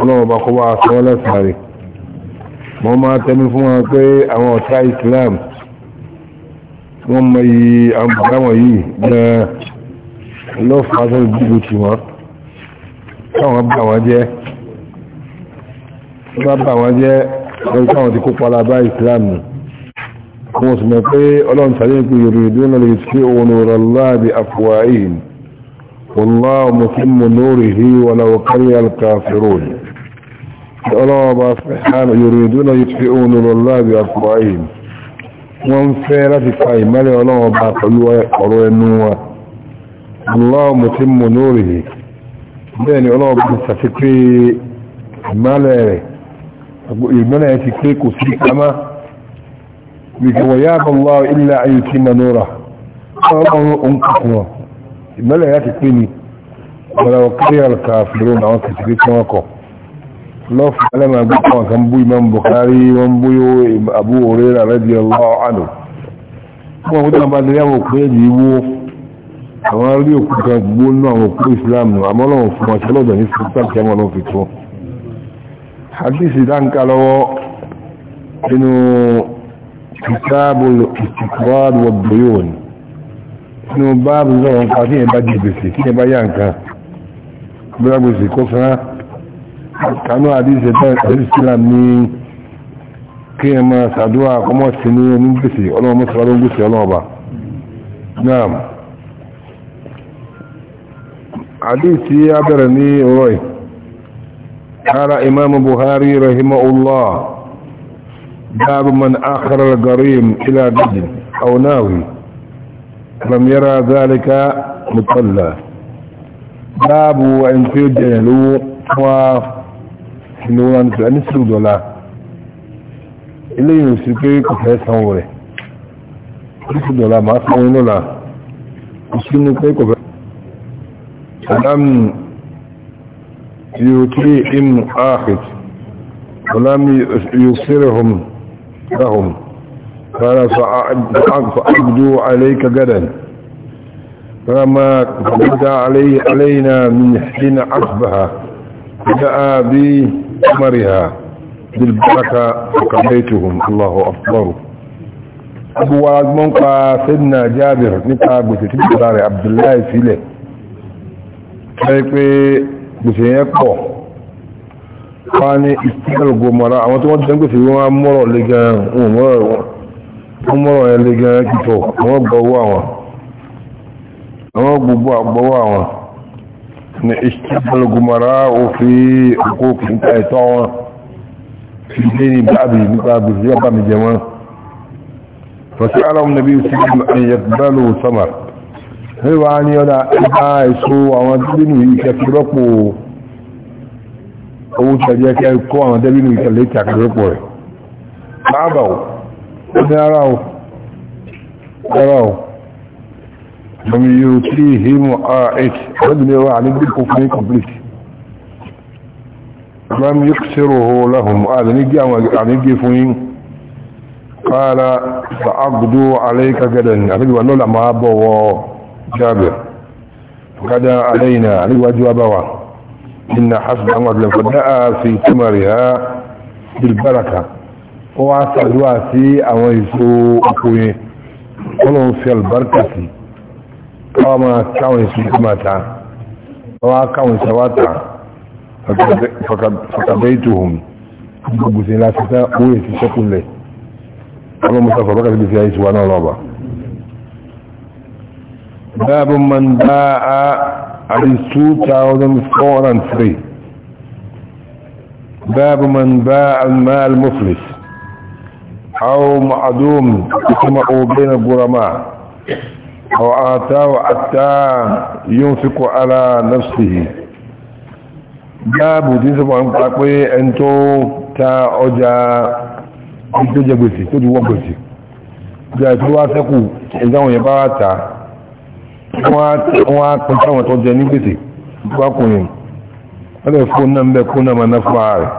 ọlọ́wọ́ bá kó wá sọ lẹ́sàárì wọ́n máa tẹ́mí fún wọn pé àwọn ọ̀tá islam wọ́n mọ iye àbúgbàwọ̀n yìí na lọ́fàásọ́ ìdíbò tí wọ́n káwọn bá wọn jẹ́ wọ́n bá wọn jẹ́ lórí káwọn ti kópa alábá islam ni wọ́n sì mọ̀ pé ọlọ́run والله متم نوره ولو كره الكافرون الله سبحانه يريدون يطفئون الله بأفواههم wọ́n fẹ́ láti fa ìmọ́lẹ̀ ọlọ́wọ́ bá pẹ̀lú ọ̀rọ̀ ẹnu wa aláwọ̀ mọ̀ tí mọ̀ lórí rẹ̀ bẹ́ẹ̀ ni ọlọ́wọ́ bá sàfi pé ìmọ́lẹ̀ rẹ̀ ìmọ́lẹ̀ ti pé kò lọ́fù alẹ́mà gbọ́kọ̀ kan bú imam Bukhari wọ́n bú yóò Abu Hurairah radiyallahu anhu wọ́n kú tán bá lè yàwó pé yìí wó àwọn rí òkú kan gbó ní àwọn òkú Islam nù àmọ́ lọ́wọ́ fún ọ̀sẹ̀ lọ́dọ̀ ní sultan kí wọ́n fi tó hadith dáńkà lọ́wọ́ nínú kitabul istiqrad wa buyun nínú báàbù lọ́wọ́ nǹkan tí yẹn bá jẹ gbèsè tí yẹn bá yá nǹkan bí wọ́n gbèsè kó fún kanú àdíṣẹ́ tẹ́lẹ̀sílám ní kí ẹ máa sàdúwà kọmọ̀ sí ní ẹni gbèsè ọlọ́wọ́ mọ́sílọ́rọ̀ gbèsè ọlọ́ọ̀bà náà àdíṣẹ́ abẹ́rẹ̀ ní ọ̀rọ̀ ara imam buhari rahimahullah باب من آخر القريم إلى دجل أو ناوي لم يرى ذلك مطلع باب وإن في الجهل وفي احنا ولا نسلق نسلق ولا اللي يسلقه كفاية صوره نسلق ولا ما صورين ولا نسلق كفاية الامن يوتي ام اخذ ولم يكسرهم لهم قال فأعبدوا عليك قدا فما قدر علي علينا من حين عصبها جاء به ثمرها بالبركة وكميتهم الله أكبر أبو منقى سيدنا جابر نقى بسيطة بلاري عبد الله سيلة كيفي بسيطة يقو قاني استقل قمراء وانتو ما تنقى سيوما مرو لجان مرو لجان كتو مرو بواوا مرو بواوا ní ìṣẹ́bọ̀lù gùmọ̀rá òfin òkú nípa ẹ̀tọ́ wọn fi dé ní báàbì nípa àbùsí ọba mi jẹ wọn fọ́sí aláwọ̀ nàbí sílẹ̀ ẹ̀yẹ̀bẹ̀lù sọ́mà wíwá ní ọ̀dá ẹgbà èso àwọn dẹ́bìnú ìkẹfì rọ́pò owó tẹ̀lé ẹkẹ́ kó àwọn dẹ́bìnú ìkẹlẹ̀ ìkẹfì rọ́pò rẹ̀ báàbà ò ní ara ò lọ́mí yóò tí hímù ààrẹ́t lọ́dúnlẹ́wà àníbí kò fún ní complete lọ́m yóò sẹ́rọ̀ hó láhùn àdínígbé àwọn ànígbé fún yí kọ́lá sàágùdó aláìka gẹ́dẹ̀ àríwá lọ́la máa bọ̀wọ̀ jábẹ̀ gada káwọn máa káwọn èsì kó máa ta wọ́n á káwọn èsì wá ta fọkàbẹ́ ètò òun gbogbo sí láti sá owó èsì sẹ́kùnlẹ̀ ọmọ musa fọ̀bọ́kà sí fi àìsí wa náà lọ́ba báàbù man bá a àrísú 2003 باب من باع المال مفلس او معدوم يجمع بين الغرماء وآتاه حتى ينفق على نفسه باب دي سبحان الله pé en tó ta ọjà tó jẹ gbèsè tó ju wọ́n gbèsè ja tó wá ṣẹ́kù en da wọ́n yẹn bá wá tà wọ́n wọ́n pín ta wọ́n tó jẹ ní gbèsè ba ko yin ala fún nan be kuna manafa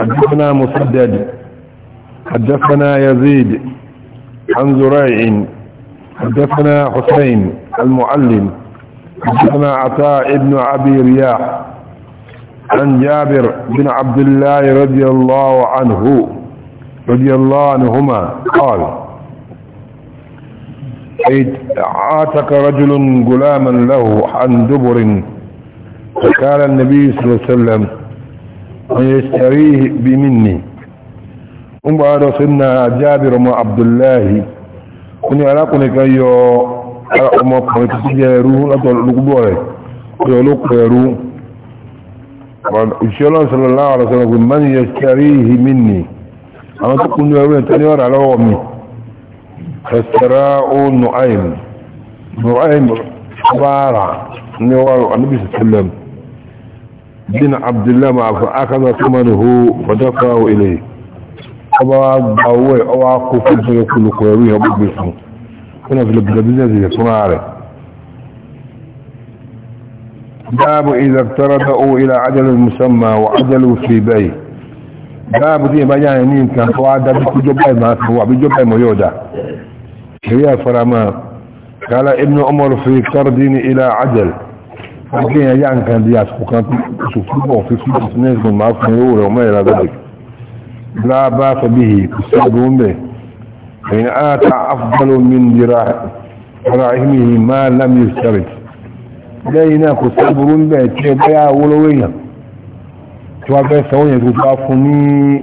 حدثنا مسدد حدثنا يزيد عن زريع حدثنا حسين المعلم حدثنا عطاء بن ابي رياح عن جابر بن عبد الله رضي الله عنه رضي الله عنهما قال عاتق رجل غلاما له عن دبر فقال النبي صلى الله عليه وسلم يشتريه بمني ثم قال سيدنا جابر وعبد الله ó ní arákùnrin kan yọ ọmọkùnrin tó jẹ ẹrú látọ̀ lókúbọ̀ rẹ̀ yọ olókùn ẹrú òṣìṣẹ́ ọlọ́sọ̀rọ̀ láwọ̀rọ̀ sọ̀rọ̀ pé mọ́ni yẹ kẹrí ìhì mí nì àwọn tó kún ní ẹrú ẹ̀tọ́ ní ọ̀rà lọ́wọ́ mi ẹ̀sẹ̀rá ó nù àìm nù àìm bára ní ọ̀rọ̀ anábìsì tẹ́lẹ̀m bin abdullahi ma'afa akadà tó mọ́ni hó fọ́dọ́kọ̀ ilẹ̀ yìí أواي أواكو في الجنة كل قويبيها ببيسهم هنا في البلدنة دي صنع باب إذا افتردوا إلى عجل المسمى وعجلوا في بي باب دي بجانا مين كان فوعدا بكو جبعي ما هو بجبعي ميودا هي فرما قال ابن عمر في فردين إلى عجل فكين يعني كان دياسكو كان في سوفيبو في سوفيبو سنين كن معاكم يوري وما إلى ذلك لا باس به يستعدون به فإن آتى أفضل من دراهمه ما لم يشترط لينا كسبرون به تبايا ولوينا توابع سوية تتعفني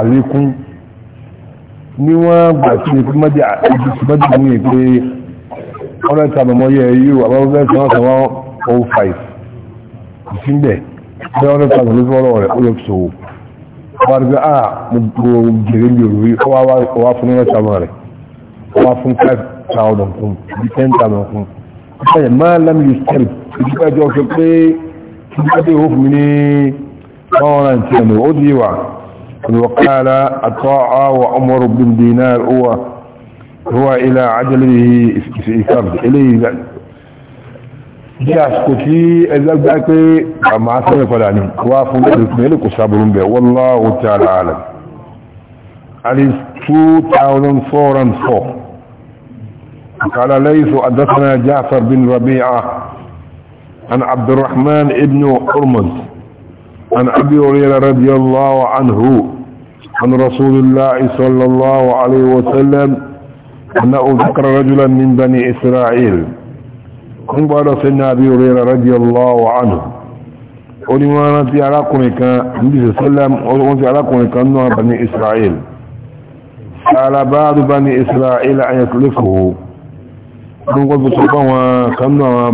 عليكم níwọ́n gbà sí ní fún mọ́dí gasi mú ìpé ọ̀rọ̀ ìtàbàmọ́ yẹ yíò àbábọ́bẹ́ sí wọ́n sọ́wọ́ 05 ìsínbẹ̀ bẹ́ ọ̀rọ̀ ìtàbàmọ́ lórí ọ̀rọ̀ rẹ̀ ó lè sọ́wọ́ ọgbàrùgbà a gbogbo jẹrẹ lè rí ọwá fún ẹ̀rọ sàmọ́ rẹ̀ ọwá fún 5,000 fún 10,000 fún ìpẹ́yẹ̀ máa lámì yóò stẹ́lì ìdíkàjọ́ sọ pé kí ní adé ìhó fún mi ní ọ̀rọ̀ àti ẹ̀mù ó di wà وقال الطاعة وعمر بن دينار هو هو إلى عجله في إفرد إليه bí tí ẹgbẹ́gbẹ́ pé sẹ́rẹ̀ padà ní wá fún kò bẹ̀ قال ليس حدثنا جعفر بن ربيعة عن عبد الرحمن ابن حرمز عن أبي هريرة رضي الله عنه عن رسول الله صلى الله عليه وسلم أنه ذكر رجلا من بني إسرائيل ń gbọ́dọ̀ sí ní àbí orí radiyallahu anhu ó ní wọ́n rántí arákùnrin kan níbi sẹ́lẹ̀m wọ́n ti arákùnrin kan náà bani israel alábáàdù bani israel ayatollah ń gbọ́dọ̀ tó bá wọn kan náà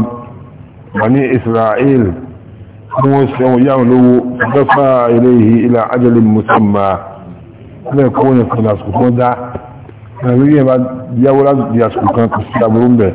bani israel tí wọ́n ṣe wọ́n yáwọn lówó dafa ilayhi ila ajalin musamma lẹ́ẹ̀kọ́ wọn kan lásìkò dá ẹ̀rí yẹn bá yáwó láti di kò sí àbúrú bẹ́ẹ̀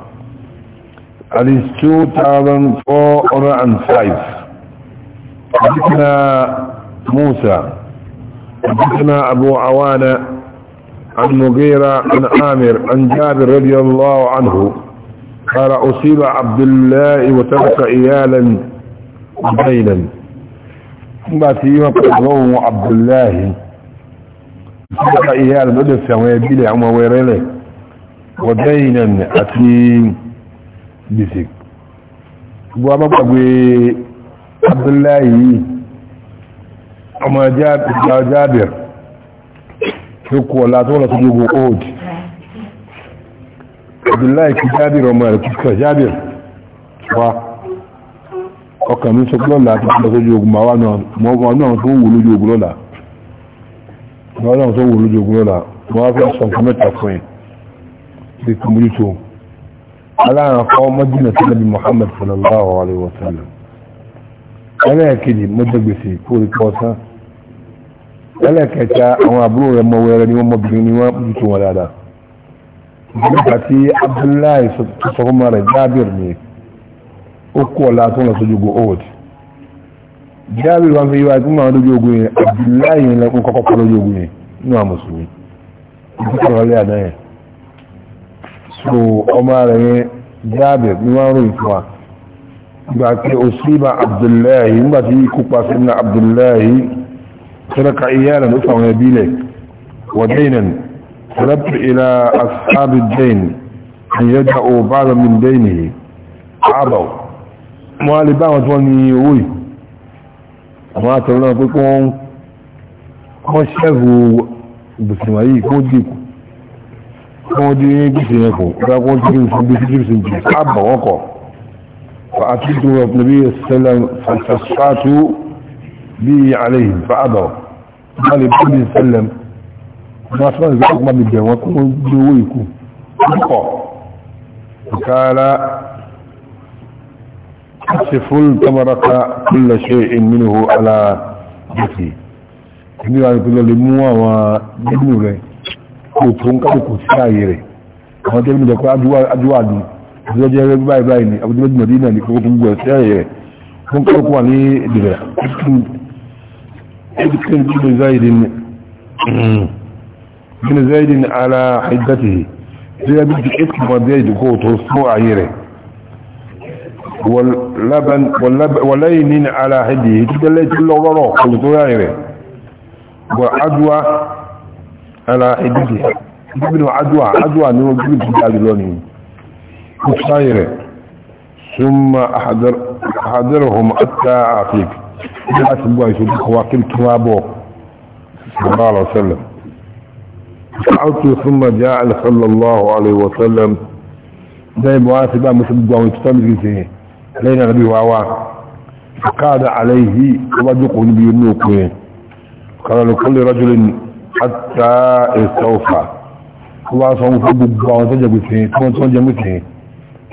at is 2,405 حدثنا موسى حدثنا أبو عوانة عن مغيرة عن عامر عن جابر رضي الله عنه قال أصيب عبد الله وترك إيالا بينا باتي وقضوه عبد الله وترك إيالا بدل سوابيل عمويرينه ودينا أتيم bisik gbogbo agbàgbé abdullahi ọmọ jabir tó kú ọlá tó lọ sí gbogbo old abdullahi kí jabir ọmọ rẹ̀ kíkọ̀ jabir wa ọkàn mi sọ pé lọ́la tó lọ sójú ogun máa wà náà tó wù lójú ogun lọ́la wọ́n náà tó wù lójú ogun lọ́la wọ́n á fẹ́ sọ fún mẹ́ta fún ẹ̀ sí kí mojú tó aláàrán fọ́ mọ́jìnà sí nàbí Muhammad sallallahu alaihi wasallam ẹlẹ́ẹ̀kejì mọ́jọ́gbèsè kó rí kọ́sán ẹlẹ́ẹ̀kẹta àwọn àbúrò rẹ̀ mọ́ wẹ́rẹ́ ni wọ́n mọ́bìnrin ni wọ́n mú tó wọn dáadáa nígbà tí Abdullahi tó sọ fún rẹ̀ Jabir ni ó kú ọ̀la tó lọ sójú ogun old Jabir wọn fi yíwa tí wọn lójú ogun yẹn Abdullahi yẹn lẹkùn kọ́kọ́ kọ́ lójú ogun yẹn nínú àwọn mùsùlùmí ìdíkọ̀ọ́lẹ́ àdáyẹn so ọmọ rẹ̀ yẹn jábẹ̀ ní wọ́n rò ìfún wa gbà pé ó sí ma abdullahi nígbà tí ikú pa sí na abdullahi sọ́dọ̀ka iya rẹ̀ ló fàwọn ẹbí lẹ̀ wàdẹ́nàn sọ́dọ̀pù ilá asábì dẹ́n àyẹ́dà ó bá rẹ̀ min dẹ́nì àbọ̀ wọ́n lè bá wọn tí wọ́n ní owó yìí àwọn àtọ̀rọ̀ náà pé kí wọ́n ṣẹ́gun bùsùnwà yìí kó dìkù wọ́n di gbèsè yẹn fún ọ̀dà wọ́n ti rí fún gbèsè gbèsè jù káàbọ̀ wọ́n kọ̀ fa àtúntò nàbí sẹlẹ̀ fàṣàṣàtú bí àlẹ́yìn fa àbọ̀ wọ́n lè bí sẹlẹ̀ wọ́n sọ ìgbà kó má mi bẹ̀ wọ́n kó wọ́n gbé owó ìkú kọ̀ kàrà asiful tabaraka kulla shay'in minhu ala jisi ibi wa ni kulo le àwọn nínú rẹ̀ kò fún kálukú sí ààyè rẹ̀ àwọn tẹ́lẹ̀ mẹ́jọ pé adúwàdù ìjọjẹ́ rẹ̀ báyìí báyìí ni àbújá méjì mọ̀dí náà ní kókó fún gbọ́ sí ààyè rẹ̀ fún kálukú wà ní ìdìbẹ̀ ẹ̀dùkẹ́ni bí zaidin bí zaidin ala haidati tí a bí ti ẹ̀kùn mọ̀ bí ẹ̀dùkọ́ tó fún rẹ̀ wọ̀lẹ́yìn ala على عدده ابن عدوى عدوى انه جبل جبال لونه مصايره ثم احضر احضرهم حتى اعطيك جاءت بوايس الخواكل كرابو صلى الله عليه وسلم فعلت ثم جاء صلى الله عليه وسلم زي مواسبة مثل بوايس تمزيزه لين غبي واوا فقاد عليه وبدقه نبي النوكوين قال لكل رجل àtà ẹ̀sẹ̀ ọ̀fà tó wá sọ fún gbogbo àwọn tó jẹgbẹ̀ tẹ̀yìn tó wọ́n tó jẹgbẹ̀ tẹ̀yìn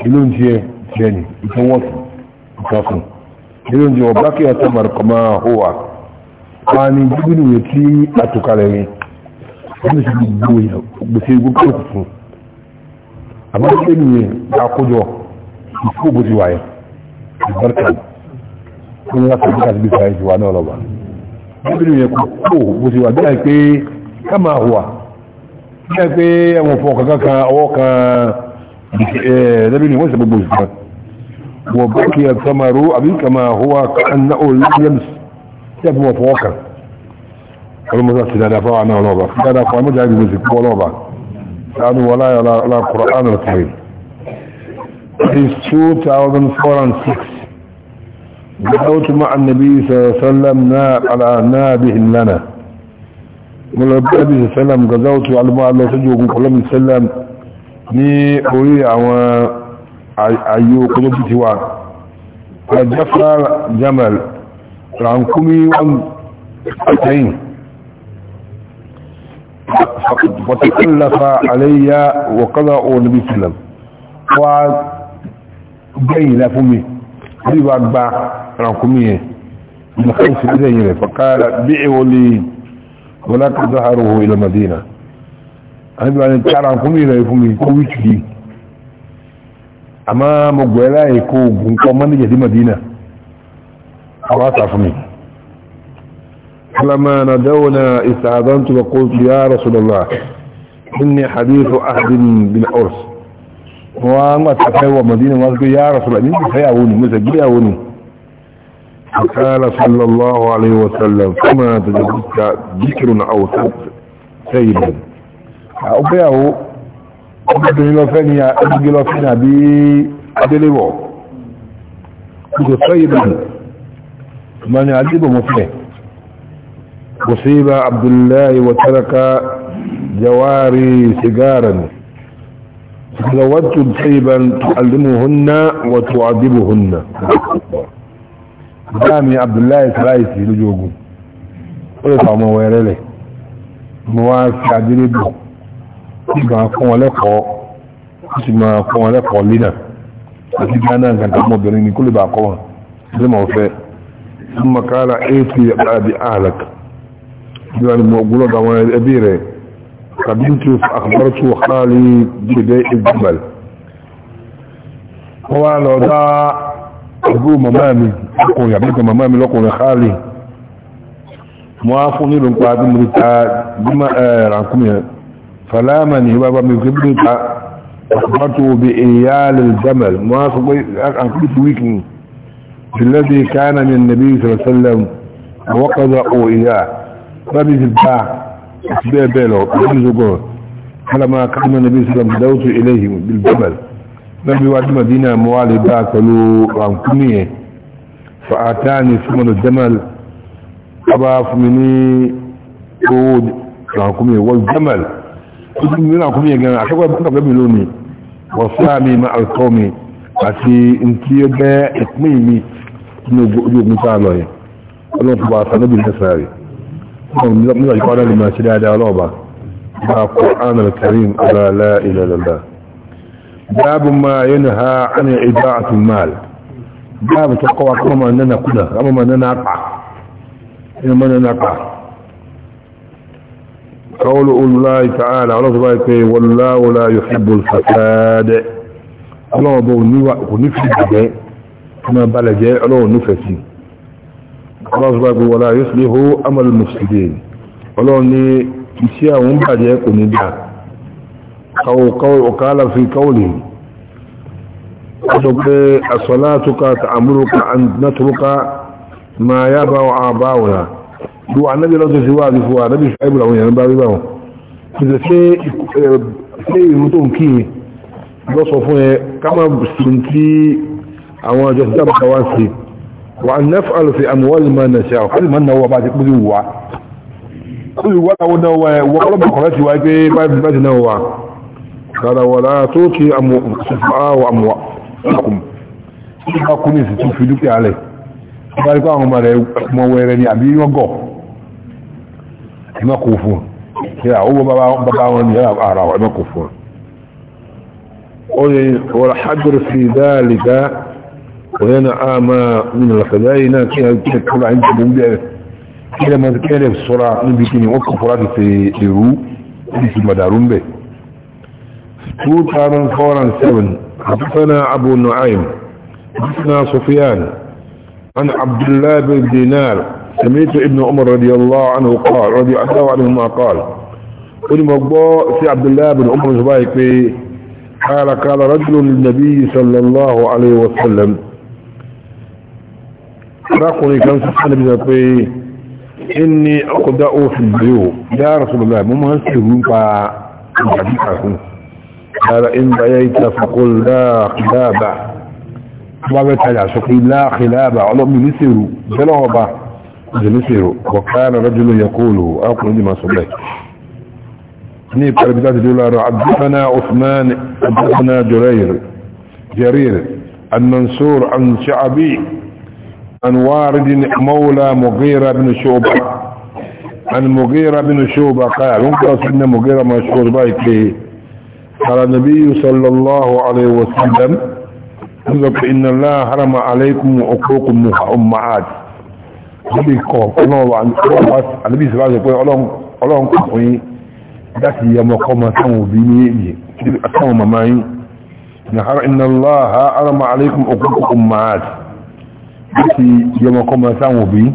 ilé ń tiẹ̀ tiẹ̀ ní ìtọ́wọ́sì ìtọ́fún ilé ń tiẹ̀ ọ̀bá kí ọ̀tá màrùkọ̀má hùwà wá ní gbígbínú rẹ̀ tí àtòkalẹ̀ rẹ̀ wọ́n ti gbogbo gbèsè gbogbo fún àmọ́ ṣé nìyẹn dákójọ ìfowópamọ́ ti wáyé ìbárkà tó ń wá sọ̀rọ̀ káàkiri sáyẹ̀ ti wá náà lọ́wọ́ obìnrin yẹn kò kó bó ti wà bí i pé ká máa hùwà bí i pé ẹ̀wọ̀n fọ kankan kan ọwọ́ kan ẹ̀ẹ́dẹ́bìnrin wọ́n sì gbogbo ìsìnkà wọ́n bá kí ẹ̀ sọmarú àbí ká máa hùwà kan náà ó lẹ́ms tẹ́fù wọn fọwọ́ kan ọlọ́mọdé ti dáadáa fáwọn náà lọ́ba dáadáa fáwọn mọ́jà gbogbo ìsìnkú ọlọ́ba sáánù wọlá ọlá kùrọ̀ ánà kiri is 2006 دعوت مع النبي صلى الله عليه وسلم على نابه لنا ولا النبي صلى الله عليه وسلم غزوت على ما الله سجو وقلم السلام ni orí àwọn ayé oko ló ti wà àjẹ́fà jamal rankumi wọn àtẹ́yìn wàtàkìlàfà aléyà wọ̀kọ́lá olùbí sílẹ̀ wà gbẹ̀yìn láfún mi rí رقمية من خمس بدين فقال بيعوا لي ولكن ظهره إلى المدينة عندما أن تعرى رقمية لا يفهمي كويت لي أما مقبلا يكون قومان يجي مدينة أواتا فمي فلما ندونا استعذنت وقلت يا رسول الله إني حديث أحد بالعرس وما تفاوى مدينة وقلت يا رسول الله إني تفاوى وني مسجلها وني فقال صلى الله عليه وسلم كما تجدك ذكر أو سيدا أبيه ابن لوفينيا أبدل لفنيا بأدلبه كنت سيدا من يعجبه مفلح أصيب عبد الله وترك جواري سجارا تزوجت سيبا تعلمهن وتعذبهن ìdáàmì abdullahi sàláìsì lójú ogun ó lè fàmọ́ ọwọ́ ẹrẹ́lẹ̀ mo wá fi adérébù tí gan fún wọn lẹ́kọ̀ọ́ ó sì máa fún wọn lẹ́kọ̀ọ́ lẹ́nà àti ghana gàdá ọmọbìnrin ní kó lè bá kọ́ wọn sí mọ̀ fẹ́ ọmọ kára èéfì àbí àlàkà bí àbúrò màmá mi ọkùnrin àbíkọ màmá mi lọ́kùnrin káàlì mo á fún nílùú pa bí mo ta bímọ ẹ̀rànkúmi ẹ̀ fàlámà ní ìwà bá mi fi bí ta ọ̀pọ̀tò bí èyà lè jẹ́mẹ̀l mo á sọ pé àkùnrin ti wíkì ìlẹ́dì káàna mi nàbí sọ̀rọ̀sẹ́lẹ̀m àwọ́kọ̀dọ̀ ò ìyá bábí ti bá àti bẹ́ẹ̀ bẹ́ẹ̀ lọ àti ìṣògùn kálámà káàna nàbí sọ̀rọ̀sẹ́lẹ̀m dáwọ́tò ilé ìhìn bí jẹ́mẹ̀l lọ́bí wájú madina mọ́ wá lè bá pẹ̀lú rankumi ẹ̀ fa'ata ni súnmọ̀lù jamal ọba fúnmi ní owó rankumi wọ́n jamal tuntun ní rankumi gan akẹ́kọ̀ọ́ pàtàkì mi lónìí wọ́n sáàmì ma alkọ́ mi àti ntí ó bẹ́ ìpín mi nínú ojú ogun tá a lọ yẹn ọlọ́run fún wa sanóbi lẹ́sàá rẹ̀ nígbà yìí kọ́ ọ́nà lè máa ṣe dáadáa ọlọ́ọ̀bà bá kọ́ ánà kẹrin ọlọ́ọ̀lá باب ما ينهى عن إضاعة المال باب تقوى كما أننا كنا كما أننا أقع كما أننا أقع قول الله تعالى على صبايك والله لا يحب الفساد الله أبو نواء ونفسد كما بلجاء الله نفسي الله صبايك ولا يصلح أمل المفسدين الله ني إشياء ونبعد يكون نبعد أو قول وقال في قوله صلاتك تأمرك أن نترك ما يبع آباؤنا دو النبي رضي سواه سواه نبي شعيب له يعني بابي باو إذا سي سي يمتون كي بصفه كما سنتي أو جسد بخواسي وأن نفعل في أموال ما نشاء كل من هو بعد كل هو كل هو وقلب خلاص واجب بعد بعد نوع قال ولا توتي أمواء وأمواءكم أكون يستوى في دوك عليه قال قام ما ما ويرني أبي وقو ما كوفون يا هو بابا بابا وني يا أرى ما كوفون والحجر في ذلك وهنا آما من الخزائن كيف كل عند بمبيع كيف ما كيف الصورة نبيكني وقف فراتي في الرو في مدارون به حدثنا أبو نعيم حدثنا سفيان عن عبد الله بن دينار سمعت ابن عمر رضي الله عنه قال رضي الله عنهما قال قل في عبد الله بن عمر زبايك قال قال رجل للنبي صلى الله عليه وسلم راقني كان سبحانه بن إني أقدأ في البيو يا رسول الله ممهن سيكون فا قال إن بيت فقل لا خلابة وابت على شقيل لا خلابة علم نسيروا جلوبة نسيروا وكان رجل يقول أقول لما صبيت نيب كربتات دولار عبدنا عثمان عبدنا جرير جرير المنصور عن شعبي عن وارد مولى مغيرة بن شعبة عن مغيرة بن شعبة قال انقص ان مغيرة بن شعبة قال النبي صلى الله عليه وسلم إن الله حرم عليكم وأخوكم أمهات النبي صلى الله عليه وسلم ذاتي يمقم سامو بي ني ذاتي يمقم سامو بي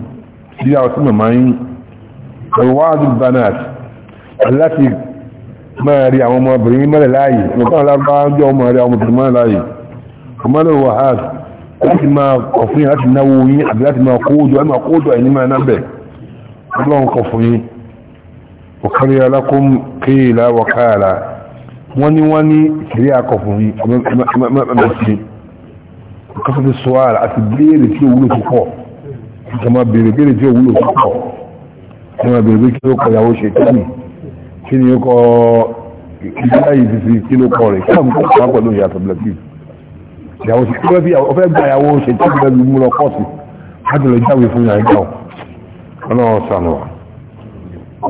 ذاتي يمقم سامو بي máa rí àwọn ọmọbìnrin mẹ́rẹ̀ láàyè ọmọkọ́ alábájọ́ ọmọ rẹ̀ ọmọbìnrin mẹ́rẹ̀ láàyè ọmọlẹ̀ wahad láti máa kọ̀fún láti náwó yín àbí láti máa kóódọ̀ ẹ̀mà kóódọ̀ ẹ̀yìn máa nábẹ̀ ọlọ́run kọ̀fún yín ọ̀kárí alákún kéèlà wọ̀káàlà wọ́n ní wọ́n ní kìrí akọ̀fún yín ọmọbìnrin kọ́sọ́tí sọ́àlà àti béèrè tí ó wúlò púpọ̀ ìjọba béèrè béèrè tí ó wúlò púpọ̀ ìjọba béèrè tí ó kọ̀yàwó ṣe tẹ́lẹ̀ kí ni ó kọ́ ìgbà yìí ti fi kí ló kọ́ rẹ̀ kí àwọn kọ́ wá pẹ̀lú ìyá tọ̀bìlẹ̀tì ìyàwó sí kúrẹ́ bí ọ̀fẹ́ gba ìyàwó ṣe tí ìgbà bí mú lọ kọ́ọ̀sì láti lọ jáwé fún ìyá ìgbà ọlọ́run sànù wa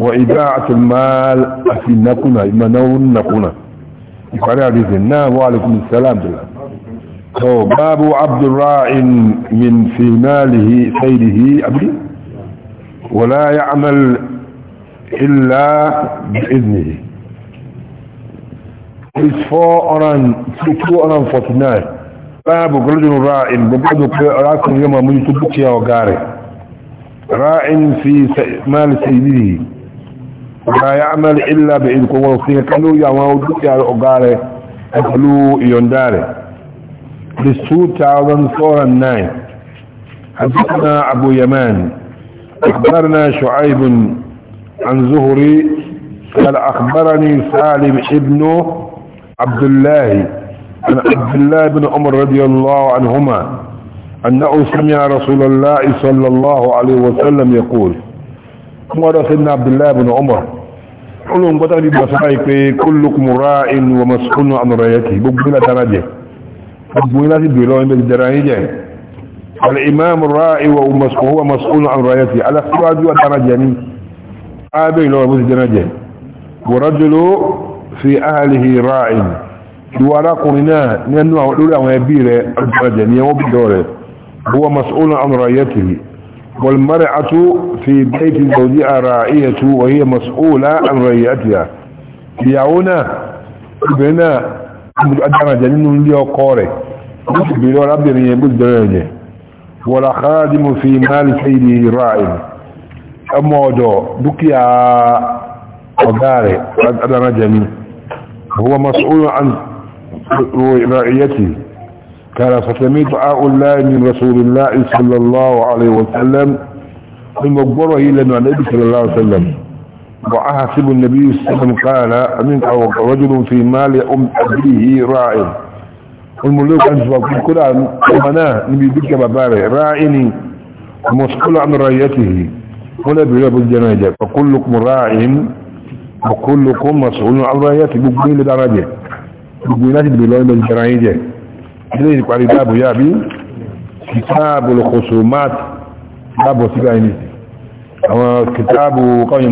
wọ ìgbà àti máa àti nàkúnà ìmọ̀náwó nàkúnà ìparí àdìsẹ̀ náà wà alaikum salam bìlá تو باب عبد الراع من في ماله سيده أبي ولا يعمل إلا بإذنه It's 449 باب قردن الرائن ببعض راسم يوم في مال سيده لا يعمل إلا بإذنك ووصيه كانوا يعملوا بكيا وقاري أخلوه يونداري This 2409 حدثنا أبو يمان أخبرنا شعيب عن زهري قال أخبرني سالم ابن عبد الله عن عبد الله بن عمر رضي الله عنهما أنه سمع رسول الله صلى الله عليه وسلم يقول قال سيدنا عبد الله بن عمر ان بطل كلكم راء ومسكون عن رايته بقبل درجة بقبلة بلوين درجه الإمام الراء وهو مسؤول عن رايته على افتراض درجه آبي لو أبوز جنجة ورجل في أهله راع وراقنا لأنه أولى ويبير الجنجة يوم بدوره هو مسؤول عن رعيته والمرأة في بيت زوجها راعية وهي مسؤولة عن رعيتها يعونا بنا أدعنا جنين لي وقاره بلو ربنا يبوز جنجة ولا خادم في مال سيده راعي هو مسؤول عن رعيته قال فسميت آه الله من رسول الله صلى الله عليه وسلم من مقبره إلى النبي صلى الله عليه وسلم وأحسب النبي صلى الله عليه وسلم قال أمين رجل في مال أم أبيه راعي الملوك أنت فقل كل أمنا نبي بك بباري راعني مسؤول عن رعيته kọ́lẹ̀ bèèrè ọbọ̀ jẹ́ náà jẹ́ ọkùnlùkùn ráàyìn ọkùnlùkùn masòólù abúráyà ti gbogbo ilé dára jẹ gbogbo iná ti bèèrè lọ́wọ́ ilẹ̀ jẹ́ra yìí jẹ ilé ìparí dáàbò yá bí kìtàbù lọ́kọ̀ọ́sọ mat dáàbò sí báyìí àwọn kìtàbù káwọn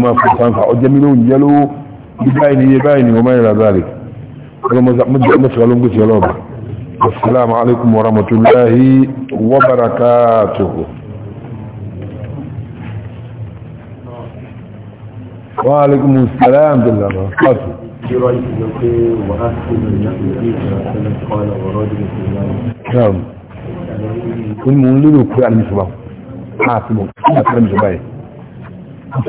yẹn máa fún عليكم ورحمة الله وبركاته wa alaikum salam billah wa barakatuh Naam. Kun mun lulu ku an musuba. Ha su mu. Ina kare musuba yi.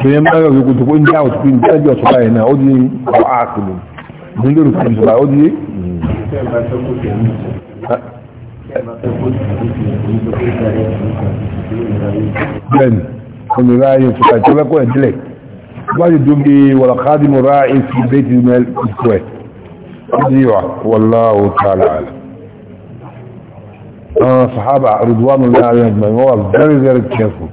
Ku ne ma ga ku to kun dawo kun da jiwa su bai na odi ko asibu. Mun lulu ku musuba odi. Ben. Kun ga yin su ka tole ko edile. بعد الدنيا ولا خادم راعي في بيت المال الكويت ايوه والله تعالى اعلم اه صحابة رضوان الله عليهم هو very very careful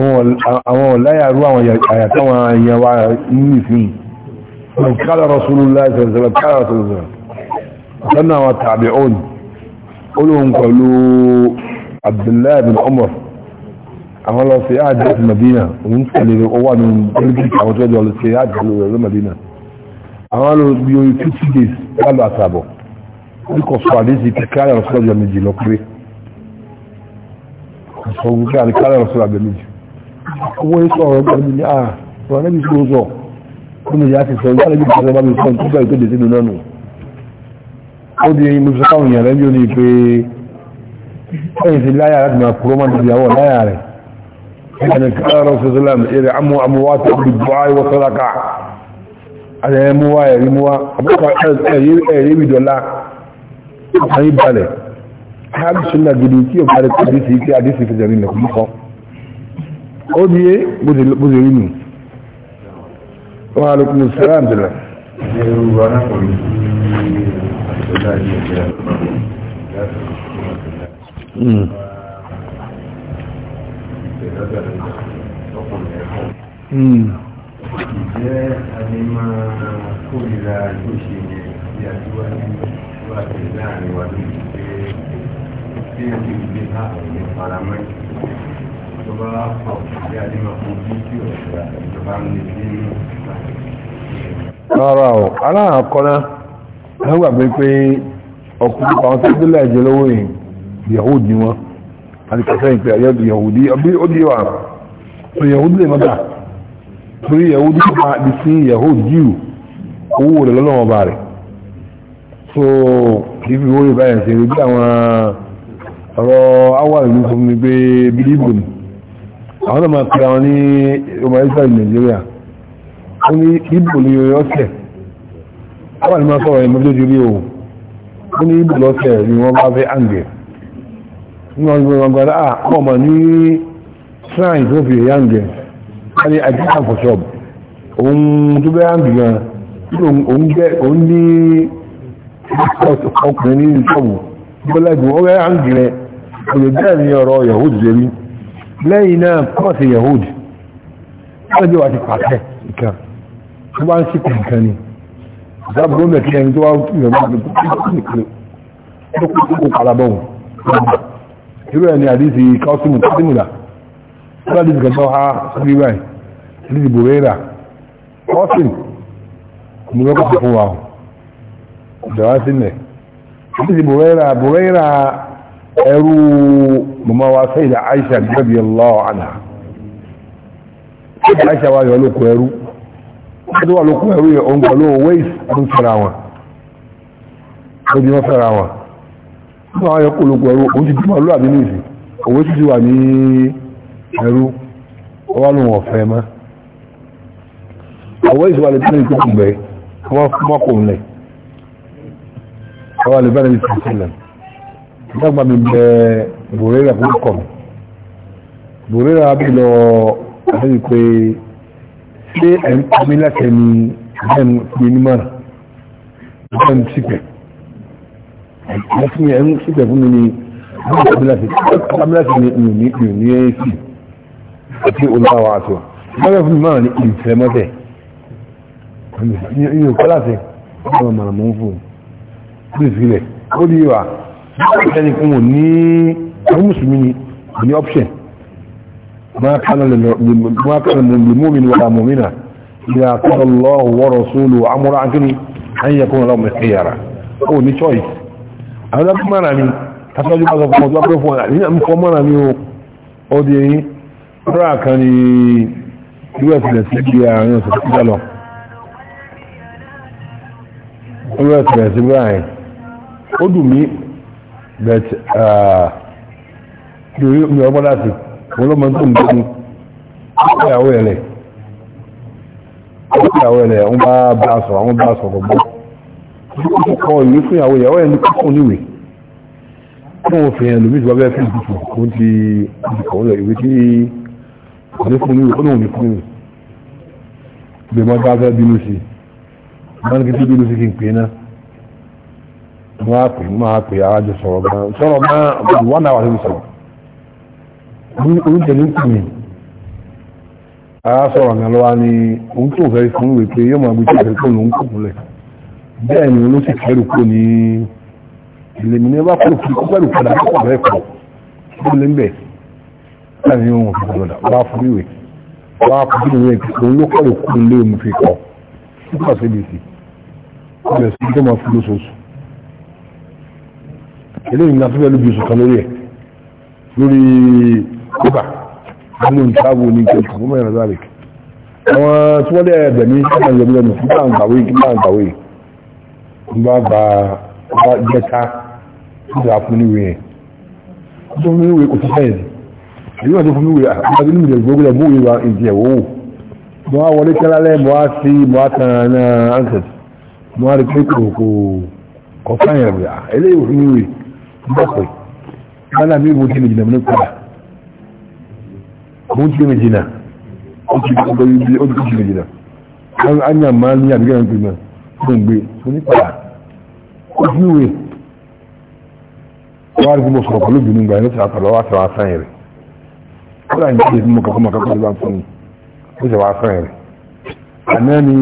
هو آه، هو لا يروى ويتوى يوعى إني فيه قال رسول الله صلى الله عليه وسلم قال رسول الله صلى الله عليه وسلم قلوا عبد الله بن عمر àwọn lọ sí àjẹ́ àti Madina òun tẹ̀lé ọwọ́ àwọn olùgbé àwọn tó jọ lọ sí àjẹ́ àti Madina àwọn lọ bí orí fifty days lálọ́ àtàbọ̀ ní kò sọ àdéhìí ti káyà lọ sọ́jọ́ méjì lọ pé kò sọ wí káyà káyà lọ sọ́jọ́ àgbẹ̀ méjì owó èso ọ̀rọ̀ gbọ́dọ̀ mi ní à ọ̀rọ̀ níbi tí ó sọ ó ní ìyá ti sọ ìyá níbi tí ó sọ bá mi sọ nígbà ìgbèdè sínú náà nù ó di mo sọ fáwọn èèyàn rẹ̀ ń yóò ní pé ẹ̀yìn sí láyà láti máa kúrò máa ń di ìyàwó láyà rẹ̀ يعني قال رسول الله إلى عمو أموات بالدعاء والصدقة على يموا يموا أبوك يبدو الله حبيب عليه حال سنة جديدتي وبارك حديثي في حديثي في جرين لكم مخو قولي بذليني وعليكم السلام دلال Mm-hmm. Hmm. Ǹjẹ́ ẹni máa kórìíra yóò ṣe yẹn bí a ti wá ní wá sí láàrin wa lórí pé tí ẹ ti gbé ká ọ̀gbìn faramọ́ tó bá pọ̀ bí a ti máa fún ọkùnrin kan tó délẹ̀ jẹ́ lọ́wọ́ yìí, Yahoo ni wọ́n àti kẹfẹ́ ìpẹ́ ayẹ́dù yahudi ọbí ó di wà tó yahudi lè mọ́ta torí yahudi bá di sí yahudi jíù owó rẹ̀ lọ́lọ́wọ́ bá rẹ̀ so ibi owó rẹ̀ báyẹ̀ ṣe rí àwọn ọ̀rọ̀ awàrì ní fún mi pé bílíbù ni àwọn ọmọ pẹ̀lú àwọn ní ọmọ israel Nàìjíríà ó ní ibò ní orí ọ̀sẹ̀ awàrì máa sọ̀rọ̀ ẹ̀mọ́jọ́jú rí o ó ní ibò lọ́sẹ̀ ni wọ́n bá fẹ́ àǹgẹ̀ẹ́ wọ́n gbogbo ọgbọ̀dá àkọ́ọ̀mọ̀ ah, ní sáàyìn tó fi yáǹgẹ̀ láti àjíkà fọ̀ṣọ́bù ohun tó bẹ́ yáǹgẹ̀ gan òun ní ọkùnrin ní ìṣọ́bù gbọ́lẹ́gbùn ó bẹ́ yáǹgẹ̀ rẹ̀ òye bẹ́ẹ̀ ni ọ̀rọ̀ yahood ṣe rí lẹ́yìn náà pọ́ọ̀sì yahood wọ́n jẹ́ wà ti pàṣẹ ìkan tó bá ń ṣe kọ̀ọ̀kan ni ìdábòmẹ̀kẹ́ ẹni tó wá ń kí ìrọ̀lẹ́ irú ẹni àdísì kọ́símù kọ́símùlà aládìsì kẹta ọha rí báyìí àdísì bòrera kọ́sìm mú lọ́kọ̀ sí fún wa ọ̀ ìjọba sílẹ̀ àdísì bòrera bòrera ẹrú mama wa sẹ́yìn Aisha gbẹ́bí ọlọ́ọ̀ àná Aisha wa yọ lóko ẹrú wọ́n wà lóko ní àwọn ẹ̀kọ́ ológun ẹ̀rọ òun ti dúpọ̀ lóra nínú ìsì owó ti ti wà ní ẹ̀rú ọwá ló wọ̀n fẹ́ mọ́ àwọn ìsìwà lè tẹ́lẹ̀ tó kùn bẹ́ wọ́n fún mọ́kùn lẹ̀ ọwá lè bá lẹ́yìn tó sílẹ̀ ìdágbà mi bẹ bòrẹ́rà fún kọ̀ bòrẹ́rà bí lọ àti pé ṣé ẹ̀ ń pamí láti ẹni ẹ̀ ń pè ní mọ́ra ẹ̀ ń sípẹ̀ wọ́n fún mi ẹ̀rún síbẹ̀ fún mi ní wọ́n kọ́ mílá sí kọ́ mílá sí mi ní mi ní ẹ̀ sí àti olùkọ́ àtọ̀ wọ́n fún mi máa ní ìfẹ́ mọ́tẹ̀ ìyẹn kọ́ láti wọ́n máa mọ̀nà mọ́ fún mi sílẹ̀ ó di wa ẹni kún wọn ní àwọn mùsùlùmí ni kò ní option ما كان ما كان للمؤمن ولا مؤمنه اذا قضى الله ورسوله امر عن ان يكون لهم الخيار او ني choice àwọn ọmọ mara ni aṣáájú bá sọ fún ọjọ́ pé fún ọ̀nà nínú àmúkọ mara ni ó di eyín rárá kan ni ìlú ẹ̀sìnlẹ̀ sí bí àárín ọ̀sẹ̀ tó dùn mí bẹ̀t lórí mi ọgbọ́n láti wọn ló máa ń tó ń gbọ́n ó pè àwọ̀ ẹ̀lẹ̀ ó pè àwọ̀ ẹ̀lẹ̀ wọ́n bá bá a sọ̀rọ̀ àwọn bá sọ̀rọ̀ gbọ́n kókò kọ ìwé fún ìyàwó ìyàwó ẹni kókò níwè tí wọ́n fi hàn lómi ìjọba bẹ́ẹ̀ fi dùkù kó ti dùkọ̀ ọ̀lẹ̀ ìwé tí kò ní fún níwè kó ní òní fún níwè bẹ́ẹ̀ máa dá fẹ́ bínú sí máa ní kí tí bínú sí kí n pè náà máa pè máa pè àwájọ sọ̀rọ̀ máa sọ̀rọ̀ máa wọ́n náà wà lórí sọ̀rọ̀ oúnjẹ ní kù mí a sọ̀rọ̀ náà lọ́wọ́ ni òun tó fẹ́ fún ìwé pé yóò máa gbé tí ìfẹ́ kó lòun kò múlẹ̀ bẹ́ẹ̀ ni ló sì kẹ́rù kó ní ìlèmí ní bá kúrò kúrò pẹ̀lú padà kó pàdé ẹ̀kọ́ tó lé ń bẹ̀ láti ní ohun ìgbà lọ́dà wá fún ìwé wá fún ìwé òun ló kọ́rù kú lé omi fi kọ́ nípa cbc ọbẹ̀ sí tó máa fún lóṣooṣù eléyìí ní afẹ́fẹ́ lóbi oṣù kan lórí ẹ̀ lórí kóbà nínú ìtààbò ní kí ọkọ̀ fún mẹ́rin bá gba bá jẹta síta fún níwèé yẹn ó tó fún níwèé kò sí sẹ́yìn èyí wà tó fún níwèé àbájú níwèé gbogbo ẹ̀ múwèé wa ìdí ẹ̀ wòwò mo á wọlé kẹ́lá lẹ́ mo á sí mo á tan náà uh, ansẹ̀t mo á rí pé kò kò kò sáyẹn rẹ̀ eléyìí fún níwèé ń bọ̀ pé báńdà mi mo ti lè jìnnà mo ní padà mo ti lè jìnnà ó ti lè jìnnà ó ti lè jìnnà á ń yàn máa ní àbíkẹ́ yẹn pè mọ́ fún gbé fún ní padà ojúwe wọ́n rí gbogbo sọ̀rọ̀ pẹ̀lú ìbínú ìgbà ẹ̀lẹ́sìn àtàlọ́ wá sí wàá sáyẹn rẹ̀ kódà ní ìdílé tí mo kọ́kọ́ máa kọ́kọ́ bá fún mi ó sì wàá sáyẹn rẹ̀ àná ni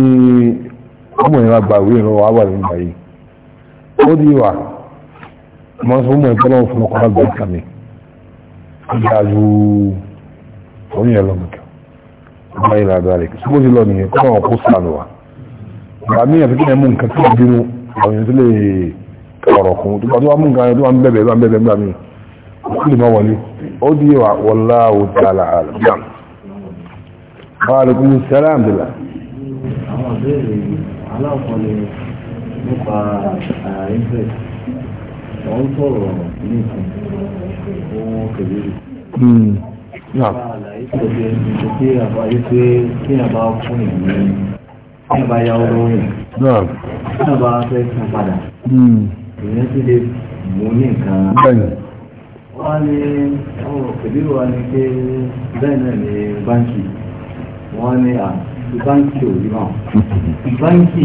ọmọ yẹn wá gba ìwé ìrànwọ́ wá wà nígbà yìí ó di wà mo sọ fún mọ̀ ìtọ́ náà fún ọkọ̀ lágbàá ìka mi ó di àjò òun yẹn lọ́mọ kan ọmọ yẹn lọ́dọ̀ rẹ̀ sọ́kọ́ sí lọ́ nìyẹn kọ́ àwọn èèyàn tó lè ọ̀rọ̀ kún tó bá tó wá mú nǹkan tó wá ń bẹ̀bẹ̀ tó wá ń bẹ̀bẹ̀ gbà mí ó lè má wọlé ó di wà wallahu ta'ala a'lam. wa alaikum salam àmì àwọn àbẹ́rẹ́ aláwọ̀ ni nígbà ya ọrọ̀ rẹ̀ nígbà fẹ́ san padà ìyẹn ti lè mú ní nǹkan wọ́n ní ìbílò wa ni pé bẹ́ẹ̀ náà ní báńkì wọ́n ní à báńkì ò rí wọn báńkì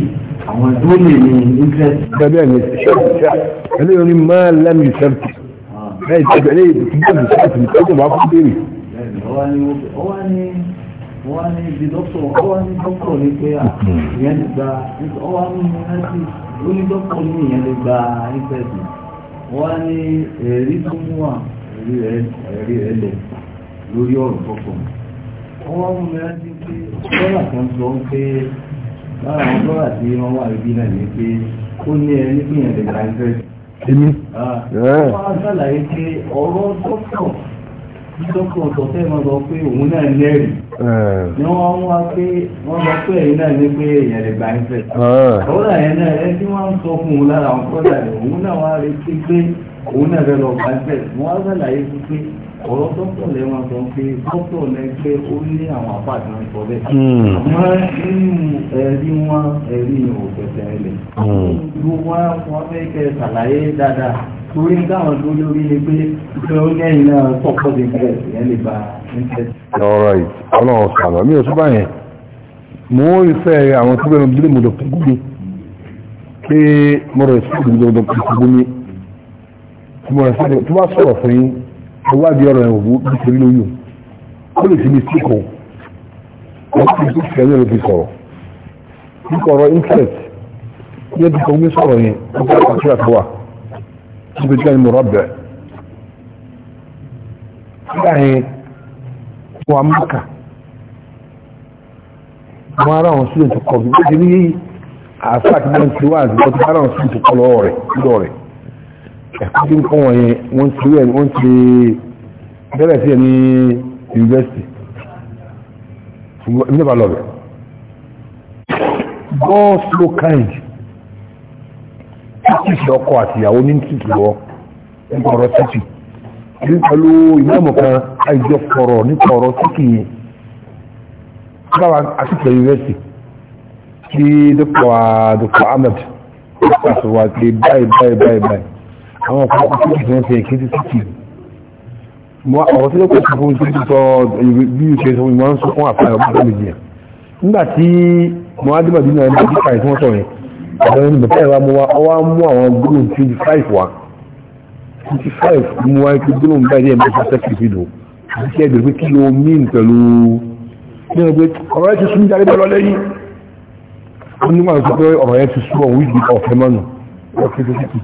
àwọn tó lè ní interest. bẹ́ẹ̀ ni ṣọ́ọ̀tì ẹlẹ́yìn ní máa lẹ́mìí ṣọ́ọ̀tì bẹ́ẹ̀ ti bẹ̀rẹ̀ ìdíjọ́ ìṣọ́ọ̀tì tó kò bá fún bèrè. ọwọ́ ni wọ́n ní ibi dọ́kítọ̀ ọwọ́ ní dọ́kítọ̀ ní pé ah, hmm. ìyẹn lè gba ọwọ́ ní yunifásitì ó ní dọ́kítọ̀ ní ìyẹn lè gba ìfẹ̀sì wọ́n ní ẹ̀rí tó mú wà ẹ̀rí rẹ̀ lẹ̀ lórí ọ̀rọ̀ kọ̀ọ̀kan ọwọ́ mú mi rántí pé dọ́là kan sọ pé lára àwọn dọ́là tí wọ́n wà níbí náà ni pé ó ní ẹni pé ìyẹn lè gba ìfẹ̀sì. Ah, wọ́n á sàlàyé pé ọ̀rọ̀ dọ́kítọ̀ dókítà ọ̀tọ̀ tẹ́ wọ́n sọ pé òun náà lẹ́rìí eh. ni wọ́n wá pé wọ́n sọ pé èyí náà ní pé èèyàn lè gbà ń fẹ́. ọ̀rọ̀ yẹn náà ẹ tí wọ́n ń sọ fún un lára àwọn kọ́dà rẹ̀ òun náà wá retí pé òun náà fẹ́ lọ gbà ń fẹ́. wọ́n á sàlàyé fún pé ọ̀rọ̀ dókítà lẹ́ wọ́n sọ pé dókítà lẹ́ pé ó ní àwọn àpáàdé wọn sọ bẹ́ẹ̀. àmọ́ hmm. nínú ẹ̀rí wọn ẹ̀rí ò torí dáhùn tó lórí ni pé ìfẹ́ oúnjẹ yìí náà pọ̀pọ̀ sí ìfẹ́ ìyẹn lè ba ọ̀rọ̀ yìí ọlọ́run sàlọ̀ mi ò tún bá yẹn mo ń fẹ́ àwọn tó bẹ̀rẹ̀ bílẹ̀ mọ̀dọ̀ kúkú mi pé mo rẹ̀ sí ìdílé mọ̀dọ̀ kúkú mi mo rẹ̀ sí tó bá sọ̀rọ̀ fún yín ìwádìí ọ̀rọ̀ ẹ̀wò bí torí lóyún ó lè ti ní síkò wọ́n ti tún fẹ́ lórí fi sọ̀rọ̀ nípa ọ̀rọ̀ interest yẹ́ bí kò ń gbé sọ̀rọ̀ yẹn ó bá pàṣẹ àtọwà بيتجي المربع يعني هو مكة ما راهم سيدي تقول بيجي àfáàkì bọ́n ti wá àti bọ́n ti bára ọ̀sán ti kọlọ ọ̀rẹ́ lọ́rẹ́ ẹ̀kọ́ tí ń kọ́ wọ̀nyẹ wọ́n ti rí ẹ̀ wọ́n ti bẹ̀rẹ̀ sí ẹ̀ ní yunifásitì nígbà lọ́rẹ̀ God slow kind títí ọkọ àti ìyàwó ní títí lọ nípa ọ̀rọ̀ títí ní pẹ̀lú ìmọ̀mọ̀ kan àìjọ fọ̀rọ̀ nípa ọ̀rọ̀ títí yẹn báwa àtìkẹ́ yunifásitì kí dókòwà dókòwà ahmed pàṣẹ wà pé báyìí báyìí báyìí báyìí àwọn ọkọ̀ ọkọ̀ títí wọn fi èké títí ọ̀rọ̀ tí lókè sọ fún mi títí sọ bí ìṣe sọ fún mi wọ́n sọ fún àpáyọ̀ nígbà tí mọ́ adébàdí náà ní àdíkà ìtúwọ́sọ̀ yẹn ọ̀dọ́rin bẹ̀tẹ̀ ẹ̀rọ mú wa ọwá mú àwọn gúrùn 25 wa 25 mú wa kí gúrùn bẹ́ẹ̀ díẹ̀ mẹ́ta sẹ́kì fìdò àti ẹgbẹ̀rẹ̀ pé kí ló mìn pẹ̀lú ọ̀rọ̀ ẹ̀ ti sún jáde bẹ́ẹ̀ lọ́lẹ́ yìí ó ní wà sọ pé ọ̀rọ̀ ẹ̀ ti sún ọ̀hún ìdí ọ̀fẹ́ mọ́nù ọ̀fẹ́ tó sì kìí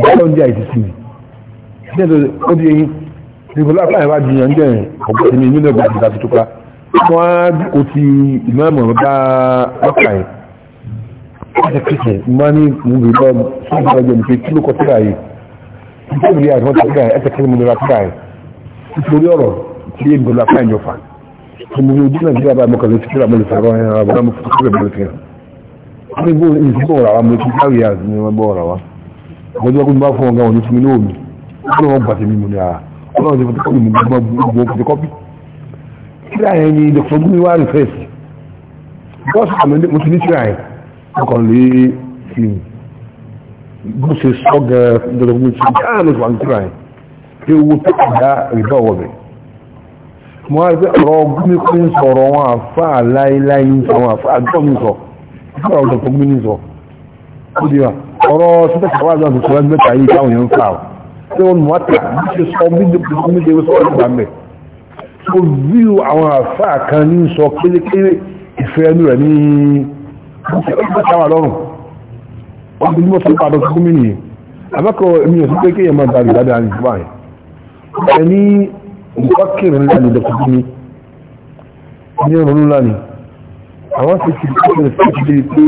bọ́ọ̀lù ń jẹ́ àìsí sí ní ó di eyín ìgbòlá àpáyà bá jiyàn jẹ́ ọ̀gbọ̀n ìmìnira ọ̀gbọ̀n ìdàtútù pa wọ́n á dìkò ti ìmọ̀ ọ̀gbọ̀n wata kake mani mubi ba sun fara jamfe kilo ko tira yi ita bi ya kuma tira yi aka kai mu da tira yi tori oro ti yin dola kan yo fa kuma mu dina tira ba maka zai tira mu tsaro ya ba mu fito da mu tira ni bo in ji bora mu ti kawi ya ni ma bora wa ko jo kun ba fo ga woni mi no mi ko mo ba ti mi mu ya ko jo ko mi ba bo ko ko bi tira yi ni da ko mi wa ni face Gọ́sùn àmì ní mo ti ní tíra yìí ọkọ̀lẹ́ kìí gúúsù sọ́gẹ̀ ìdọ̀lọ́gbọ̀n tí káàlù wà ń tíra ẹ̀ tí owó tó kọjá ìbá wọ̀bẹ̀ mọ́ àti ọ̀rọ̀ gómìnkún sọ̀rọ̀ wọn àfá láíláí sọ wọn àfá àjọ́mí sọ ìfẹ́ ọ̀dọ̀ tó gómìnì sọ ó di wa ọ̀rọ̀ sípẹ́kàwájọ́ àti sọ̀rọ̀ mẹ́ta yìí káwọn yẹn ń fà ọ́ tí wọ́n mú àtà bí ṣe sọ mídìí sọ̀rọ̀ nígbà mẹ́ so view àwọn àfá kan ní sọ kélékélé ìfẹ́ ẹnu rẹ̀ káwà lọ́rùn wọ́n bí mọ́ sí pàdọ̀ fún mí nìyẹn àbẹ́kọ̀ mi ò sí pé kéèyàn máa darí dáadáa ní ìjọba yẹn ẹ ní nǹkan kéré ńlá ní dọ̀kọ̀ fún mi ní ọ̀rọ̀ ńlá ni àwọn sì ti kọ́ sí ẹ̀sìn ti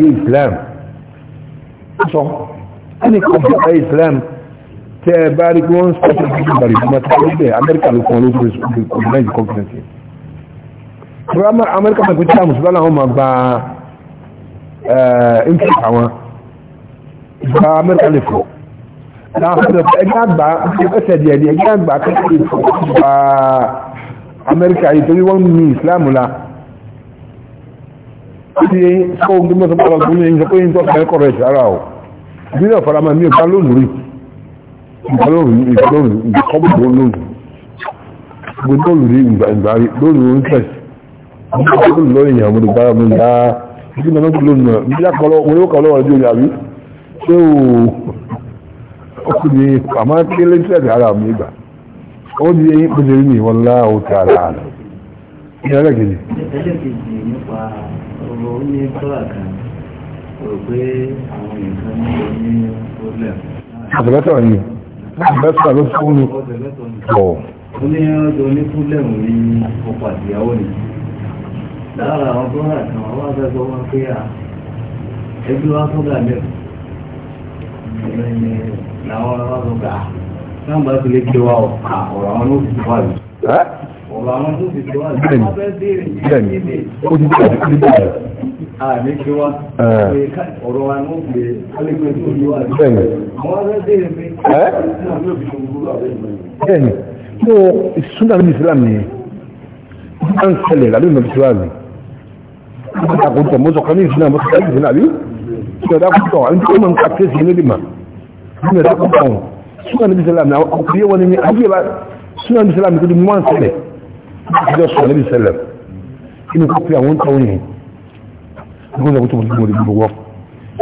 di Islam sọ any conference lágbàáyé Islam tẹ́ ẹ bá rí pé wọ́n ń sọ́kọ̀ grammar amẹ́ríkà mọ̀ pé táàmù ṣùgbọ́n àwọn máa gba eh, interest àwọn gba amẹ́ríkà lè fò ẹgbẹ́ àgbà ẹsẹ̀ díẹ̀ ní ẹgbẹ́ àgbà kẹ́kẹ́ lè fò gba amẹ́ríkà yìí torí wọ́n ní ìsìláàmù la ti sọ́wọ́n gbé mọ́sán pọ́lọ́ gbé ní ìjọpé ìjọ fẹ́ kọ̀rọ̀ ẹ̀ṣẹ̀ ara ọ̀ ọdún lórí ìyàn mú dùgbà mú ya ìdí mọ́ mọ́tò lónìí náà bí lákọlọ wọn yóò kọlọ ọjọ́ ìyà rí ṣé o ọkùn ní àmá kí lè tẹ̀lé ara mi gbà ó di eyín pèsè rí mi wọn lá kan rò pé àwọn nǹkan ní ọ ní ni àtẹ̀lẹ́tọ̀ ló fún mi. ó ní lára àwọn tó rà kan wọ́n wá sọ wọn pé à ẹbí wá tó gà mẹ́rin ẹ̀rẹ́ làwọn wá sọ gà náà bá ti lè gbé wa ọ̀ka ọ̀rọ̀ àwọn ló fi wà lù. ọ̀rọ̀ àwọn ló fi wà lù. bẹ́ẹ̀ni bẹ́ẹ̀ni ó ti bẹ̀rẹ̀ ó ti bẹ̀rẹ̀. àmì kí wa ọ̀rọ̀ wa ló fi alẹ́gbẹ́ tó lù wà lù. bẹ́ẹ̀ni àwọn abẹ́ bẹ́ẹ̀rẹ̀ mi. bẹ́ẹ̀ni mo ìsúná mi ìsìlámù yẹn ó ti bá ń ṣẹlẹ̀ lábẹ́ ìmọ̀ ìsìlámù yẹn da kun ta musu kanin suna musu kai suna biyu suna da kun tawa an ji kuma kace su ne lima suna da kun tawa suna nabi sallam na ku yi wani ne aje ba suna nabi sallam ku mun sai da suna nabi sallam ina ku fiya won tawo ne ku da kutu mu da buwa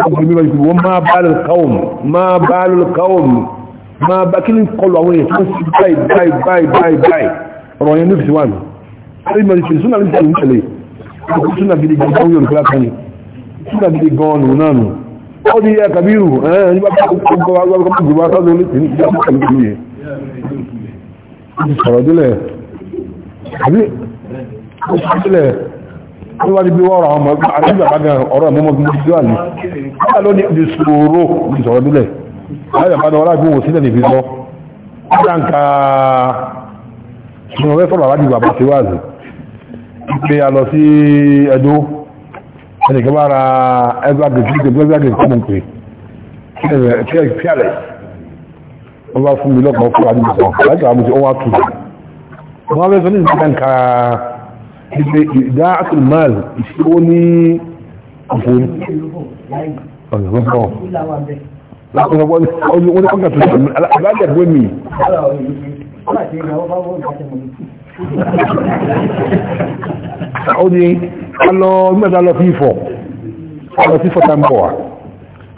ku mi ba ku ma balal qaum ma balal qaum ma bakin qulu awon ya tun bai bai bai bai bai ro yan nabi sallam ai ma suna nabi sallam súnà gidi gan tó yóò kílákan ni súnà gidi gan nù náà nù ó di ẹ kàbírù ẹ̀ẹ́n nígbà tó kọ́ kọ́ wá gbọ́ gbọ́ wá sọ́dún ní ìlú ìjọba kàmí kìlú yẹ ó ti sọ̀rọ̀ délẹ̀ àbí ó sọ̀rọ̀ délẹ̀ ó wá di bí wọ́n rọ̀ ọmọ àti bàbá gan ọ̀rọ̀ ẹ̀mọ́ ọmọ gbogbo ìjọba ni ó ló ní ìdí sòrò ó ti sọ̀rọ̀ délẹ̀ láyé bàbá náà láti wọ́n sílẹ̀ nìfi sọ ó dá nǹka ìrànwẹ́ fọ́lọ̀ àwádìí bàbá ti wáàzì pé a lọ sí ẹjọ́ ẹnìkan bá ra ẹgbàgbé tí ẹgbàgbé kọ́mù pé kí ẹ̀lẹ̀ wọ́n bá fún mi lọ́kàn fún àdìgbò láti àwọn ọmọ tó wọ́n fẹ́ sọ ní ìsìnkà ìpé ìdá àtìmáàlì ìṣòwò ní àfòrí ọ̀rọ̀ lápọ̀lọpọ̀ ọjọ́ wọ́n ní ọgbà tó ṣe alájẹ̀gbẹ́mì ó ní alọ mẹ́ta lọ sí ìfọ̀ alọ sí fọ́ta ń bọ̀ wá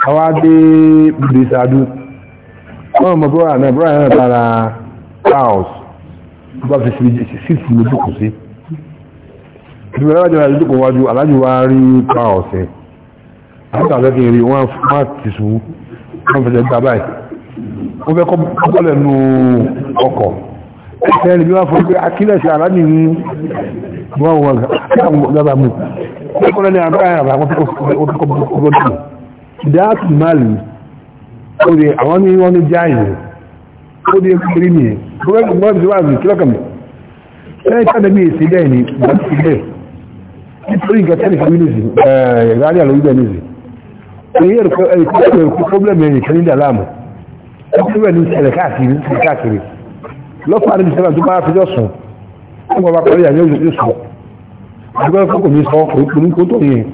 àwọn adé bèbè sàádú wọ́n mọ̀ bọ́ra náà bọ́ra náà tara house bá fi síìtì ló dùkù sí ìgbìmọ̀ alájọ́ alájọ́ dùkù wájú alájọ́ wá rí house ẹ̀ àwọn tàbí kí n rí wọ́n má ti sùn wọ́n fẹsẹ̀ gbà báyìí wọ́n fẹ́ kọ́ bọ́lẹ̀ nù ọkọ̀ ẹni bí wọ́n fún pé akílẹ̀ṣẹ̀ aláàdì ní wọ́n wọ́n gbábà mú ọkùnrin ní àbúrà àrà àwọn ọkọ̀bọ̀tì dáàtù máàlì ó di àwọn ní wọ́n ní jáìyì ó di kiri ní gbọ́gbọ́gbọ́gbọ́gbọ́ kílọ́kàmì ẹni tàbí bí èsì dẹ́ ní láti dẹ́ nítorí nǹkan tẹ́lẹ̀ fún mílíọ̀sì rárí àlọ́ ìgbẹ́ nízi èyí ẹ̀rọ kọ́ problem ẹ̀yìn kan ní dàlámù ẹ̀kọ́ ní ṣẹlẹ̀ káàkiri lọ́fà ní ìṣẹ́lá tó bá fi jọ sùn ó gbọ́ bá parí àyẹ́ òṣèlú sùn àgbẹ́ fọ́kò mi sọ òkú ní kó tó yẹn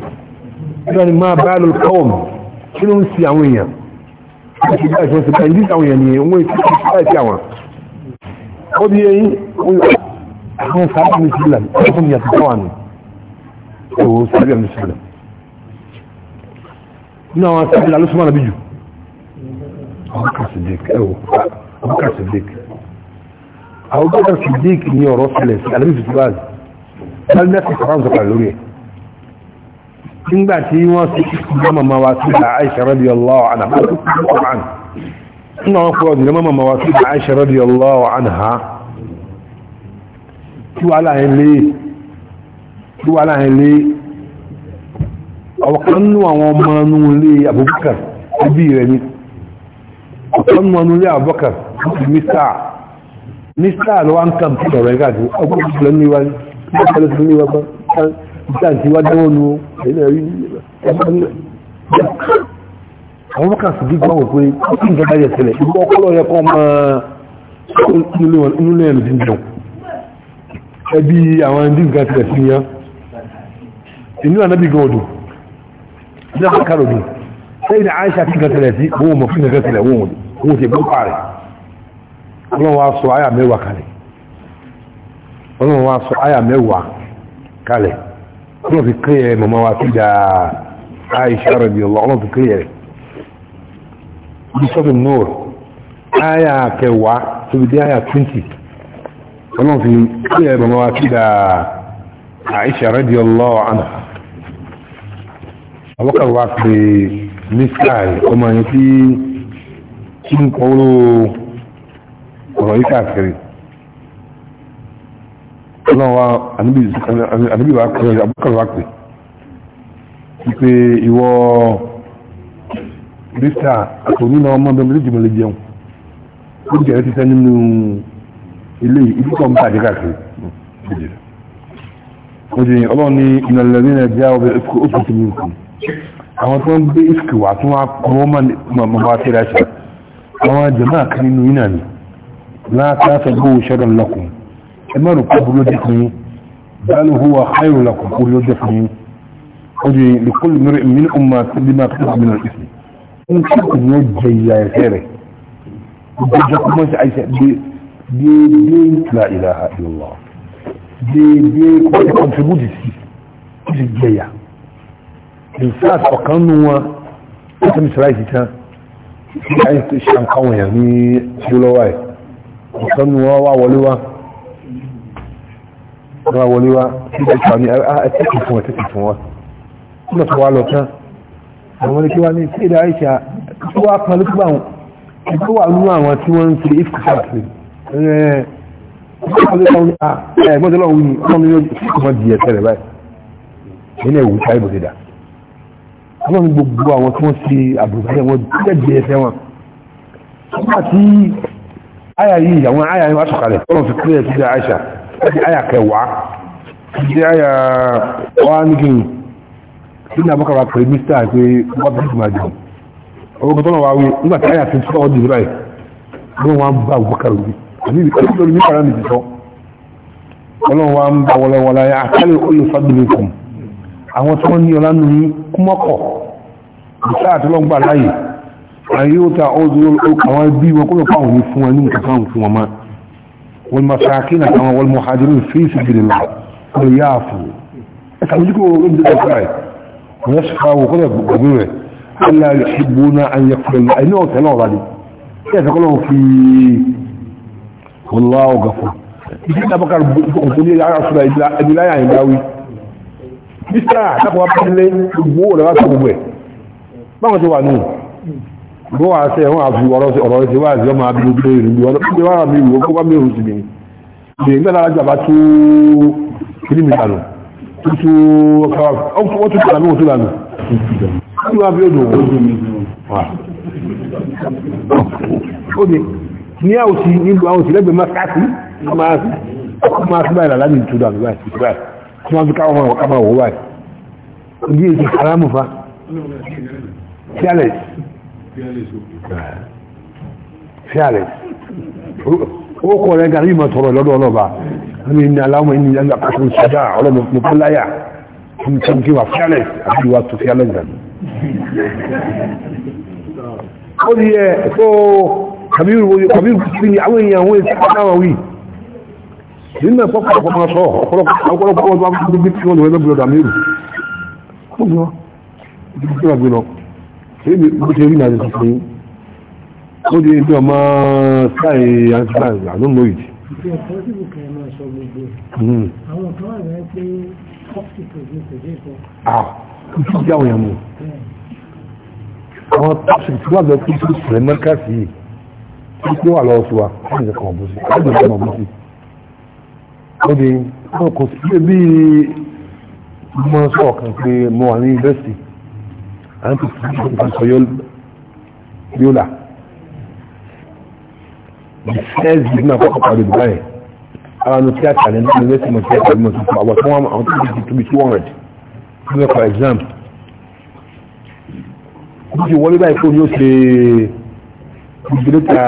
nígbà ni máa bá lórí kọ́ọ̀mù kí ló ń si àwọn èèyàn ó ti bá ìṣẹ́sẹ̀ bá ìdí àwọn èèyàn nìyẹn wọ́n ti fi bá ìṣẹ́ àwọn ó di eyín àwọn sáà ní sílẹ̀ ó fún mi àtúntò wà ní òwò sábẹ̀ ní sílẹ̀ nínú àwọn sábẹ̀ lálọ́sọ́mọ́ àbíjù ọkà sídìk ẹ̀wọ̀ ọkà sídìk àwùjọ sìdíkì ní ọ̀rọ̀ sílẹ̀ sí alẹ́bí fìtìbáàz alẹ́bí fìtìbáàz ọ̀kà lórí ẹ̀ nígbà tí wọ́n sì kúrò mọ́mọ́ wa sí Aisha radiyallahu anha nígbà wọn kúrò ní mọ́mọ́ wa sí Aisha radiyallahu anha tí wà láàrin lé tí wà láàrin lé ọ̀kan nú àwọn ọmọ nú lé Abubakar ẹbí rẹ̀ ni ọ̀kan nú lé Abubakar mr mista ló wá ń kàn fún ọ̀rọ̀ ìgbàdì ọgbọ́n ìpínlẹ̀ ní wáyé ìpínlẹ̀ tó ní wáyé ìpínlẹ̀ tí wá dáwọ́ nu ẹ̀yìn ẹ̀rí àwọn kan sì gbígbọ́n wò pé kí n gbọ́dá yẹ sílẹ̀ ìgbọ́ ọpọlọ yẹ kọ́ mọ́ inú lẹ́yìn ti dùn ẹbí àwọn ẹbí nǹkan tilẹ̀ sí yẹn inú ànábì gan odò ní àkàrò dùn lẹ́yìn àìsà ti nǹkan tilẹ̀ sí òun mọ̀ fún nǹkan tilẹ̀ òun ò ti gbọ́ pààrẹ̀ ọlọ́run wá sọ àyà mẹ́wàá kalẹ̀ ọlọ́run fi sọ àyà mọ̀mọ́ wa sí dà Aisha radiyallahu ọlọ́run fi kílẹ̀ rẹ̀ bísọ́fì nùr àyà kẹwàá tóbi dé àyà 20 ọlọ́run fi kílẹ̀ mọ̀mọ́ wa sí dà Aisha radiyallahu anha abọ́kà ọ̀rọ̀ yìí káàkiri ọlọ́wà àníbí wa kọ̀rọ̀ àbúkọ̀rọ̀ wa pè pípé ìwọ bíta àtòní náà ọmọ bẹ́ẹ̀ méjì mẹ́lẹ̀ jẹun ó jẹ́ ti sẹ́ nínú ilé ìdí kan bá àdékà kiri ó jẹ́ ọlọ́run ní ìnàlẹ́rí náà jẹ́ ọbẹ̀ ó tún ti mú nǹkan àwọn tó ń gbé ìsìkì wà tó wá kọ́ mọ́ mọ́ bá tẹ́lẹ̀ ṣe àwọn jẹ̀mọ́ àkànnínú yìí náà ni لا تاسبوه شرا لكم اما ركب لدفني بل هو خير لكم قل لدفني قولي لكل مرء من أمة بما تسبب من الإثم إن كنت نوجي يا خيري وجدكم ما سعيسى دي دي لا إله إلا الله دي دي كنت كنتربوتي سي كنت جاية الإنسان فقنوا كنت مسرائي سيتا عايز تشعن قوية يعني شلوائي ọ̀kan nù wọ́n wá wọlé wá wá wọlé wá títí fàmí ah, ah, ẹtẹ́kì fún ẹtẹ́kì fún wọn nígbà tó wá lọ tán àwọn ọmọdé kí wá ní sí ìdáyé ìṣà tó wá kan lókùgbà wọn tó wà nínú àwọn tí wọ́n ń ṣe ìfúkàtì ẹ̀ẹ́dẹ́gbọ́n tó gbogbo àwọn tí wọ́n ṣe àbùkù ẹ̀wọ̀n jẹ́ di ẹsẹ̀ wọn nígbà tí aya yìí àwọn aya yìí wá sọ̀kalẹ̀ tọ́lọ̀ fi kílẹ̀ sí àìṣà láti aya kẹwàá sí aya wá ní kí ni tí ní abọ́kàrà pẹ̀lú mísítà pé wọ́n bí ìgbìmọ̀ àjọ owó kan tọ́lọ̀ wá wí nígbà tí aya ti ń sọ́ọ́ dì báyìí ló wá ń bá àbúkàrà wí àbí ibi kí lórí mímọ̀ràn mi ti sọ ọlọ́run wá ń bá wọlọ́wọlá yá àkálẹ̀ olè fàdúmẹ̀kùn àwọn tí wọ́n ní ọlá nù ní kúmọ́kọ̀ ayé ó ta ọdún àwọn ẹbí wọn kó lọ fún àwọn fún wọn ní nǹkan fáwọn fún wọn má wọn ma sàákí na àwọn wọn muhajirin fi sìgìrì lọ wọn yá àfù ẹ sàbójú kó wọn dé ọkọ rẹ wọn yẹ sọfà wọn kó lọ gbogbo rẹ ala ìṣubú na ayé fún ìdí ìdábọkà òkú ní ara sọdọ ẹbí gbogbo rẹ̀ wá sọ gbogbo ẹ̀ báwọn ti wà nù bó wàá sẹ wọn àfi ọ̀rọ̀ ẹsẹ wá àti ọmọ abiru tó ìrìn bí ọdún bí wàá mi wò kó bá mi rùn sí mi ìdè nígbà lára jàmbá tó kiri mi dànù tó tó káwá wọ́n tó kàrà mi wò tó dànù kí wọ́n fi odò wọ́n ó ní ní àwòsí nílùú àwòsí lẹ́gbẹ̀ẹ́ máa káàkiri máa sí ọkọ̀ máa sí báyìí láti tó dànù báyìí tí wọ́n fi káwọn ọmọ ọ̀ká máa wò báyìí ó ní èsì haramu fa challenge fíàlẹ̀ ó kọ̀ rẹ̀ gàrí ìmọ̀ tọrọ lọ́dọ̀ ọlọ́ba ní ní aláwọ̀ ní ìyá àkàtà ìṣẹ́dá ọlọ́mọ púpọ̀ láyà fún tí kí wà fíàlẹ̀ àti ìwà tó fíàlẹ̀ ìgbàmí ó ní ẹ̀ tó kàbírù sí ni àwọn èèyàn àwọn èsì pàtàwà wí nínú ẹ̀pọ̀pọ̀pọ̀ máa sọ ọ̀pọ̀lọpọ̀ ọdún ebi bóṣe rí náà ti fún ó di ibi ọmọ sky antivirus i don't know it. àwọn kan wà ní pé hospital ní kò dé ìfọ. ah ìtú ìjà òyìn mu àwọn tọ́sí tí wọ́n bẹ kú sí ìṣẹ̀lẹ̀ mẹ́ríkà sí i tí wà lọ́wọ́ sí wa láti ṣe kàn ọ̀bùn sí i láti ṣe kàn ọ̀bùn sí i. ó di àwọn sí pé bí mo sọ pé mo wà ní yunifásitì à ń fi sọ yóò là ìfẹ́ẹ̀sì náà kọ́kọ́ pàdé dùbà yẹn ara nu tíátà ní ẹni lẹ́sì mọ̀ tíátà ní mọ̀tò àwọn tó wọn àwọn tó ti tóbi two hundred tó fẹ́ for exam bí ti wọlé báyìí fóònù yóò ṣe ìgbéléta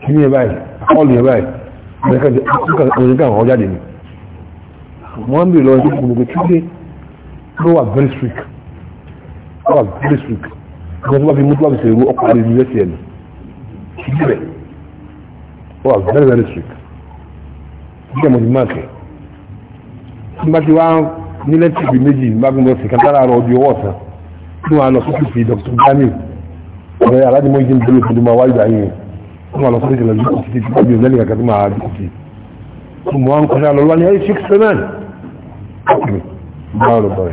kíní ẹ báyìí àkọọ́lù ẹ báyìí ọ̀nìkan àwọn jáde ni wọ́n ń bèèrè lọ́wọ́ sí gbogbo kí ló wà very strict arab district wọ́n tó bá fi mútu wá fi ṣe ìwé ọkọ̀ àrùn ìlú ẹ̀sìn ẹ̀nì ìbílẹ̀ wọ́n very very strict ìbílẹ̀ mo ti máa kẹ́ tí bá ti wá nílẹ̀ tìbí méjì bá fi lọ sí kan lára ọ̀rọ̀ ọdún ọwọ́ ọ̀sán tí wọ́n á lọ sókè sí Dr. Daniel ọ̀rẹ́ aládìmọ́ ìdí ìdílé tó dùn máa wáyé dà yín tí wọ́n lọ sókè sí lọ́jọ́ kùtì tí wọ́n bí ọ̀lẹ́ni kankan tó máa dùn kùtì tí wọ́n á ń kọjá lọ lọ́wọ́ ní 867 ọkùnrin báwọn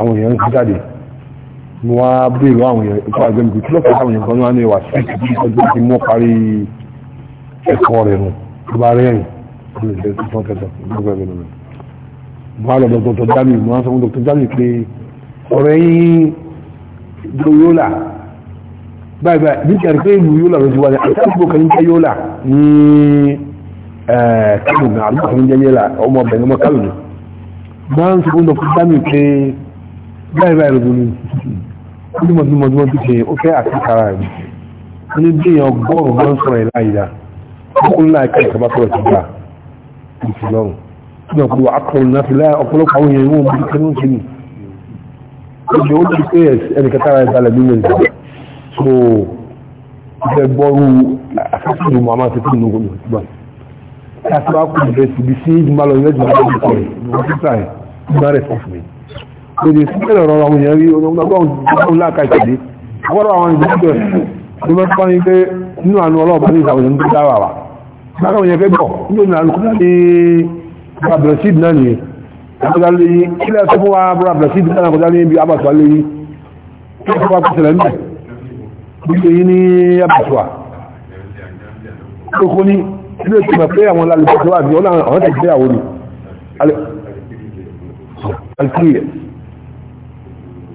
àwọn èèyàn ń jáde mo wá bèèrè àwọn èèyàn ìkọ́ àgbẹ̀ mi kò kí lọ́pọ̀ àwọn èèyàn kan ní wà ní ìwà sí ìtìjú ọjọ́ ti mọ́ parí ẹ̀kọ́ rẹ̀ nù tó bá rẹ́rìn mo wá lọ dr jami mo wá sọ fún dr jami pé ọ̀rẹ́ yín yóòlà báyìí báyìí bí kẹrì pé ìlú yóòlà ló ti wá ní àtàkùn kan jẹ́ yóòlà ní kálùnù àdúgbò kan jẹ́ yóòlà ọmọ ọbẹ̀ ní ọmọ kálùnù máa ń sọ fún dr jami pé báyìí báyìí ló ní ọdún ọdún ọdún ọdún ṣe ó fẹ́ àtìkára rẹ̀ ó ní bí èèyàn gbọ́ọ̀rọ̀ bọ́ ń sọ̀rọ̀ ẹ̀ láyìí dá ó ńlá ẹ̀ka ìkàbá sọ̀rọ̀ ti gbà ìfì lọ́rùn tí wọ́n kú akọrin láti láyà ọ̀pọ̀lọpọ̀ àwọn èèyàn wọn bí kẹ́nu ṣe nì ọjọ́ ó ti pé ẹnìkan tára ẹ̀ balẹ̀ nínú ìgbà so ìfẹ́ gbọ́rú àfẹ́sọ̀rọ̀ mọ́ àmà ti fún ìnú gbọ́dọ̀ ti gbà láti wá kú ìrẹsì bí sí ìgbàlọ́ ìrẹsì máa ń bọ̀ lórí sílẹ̀ ọ̀rọ̀ àwọn èèyàn rí ọlọ́gbọ́n láàkà ìpàdé ọgbọ́rọ̀ àwọn ìgbẹ́gbẹ̀ ló mẹ́ fọ́n ní pé nínú àánú ọlọ́ọ̀bá ní ìsàwọn èèyàn tó dára wà láàkàwọn èèyàn fẹ́ bọ̀ nínú ìlànà kúrò ní brablasid náà nìyẹn àkọjá lórí ilẹ̀ tó fún wa brablasid náà àkọjá ní ibi abàtúwà lórí tó fún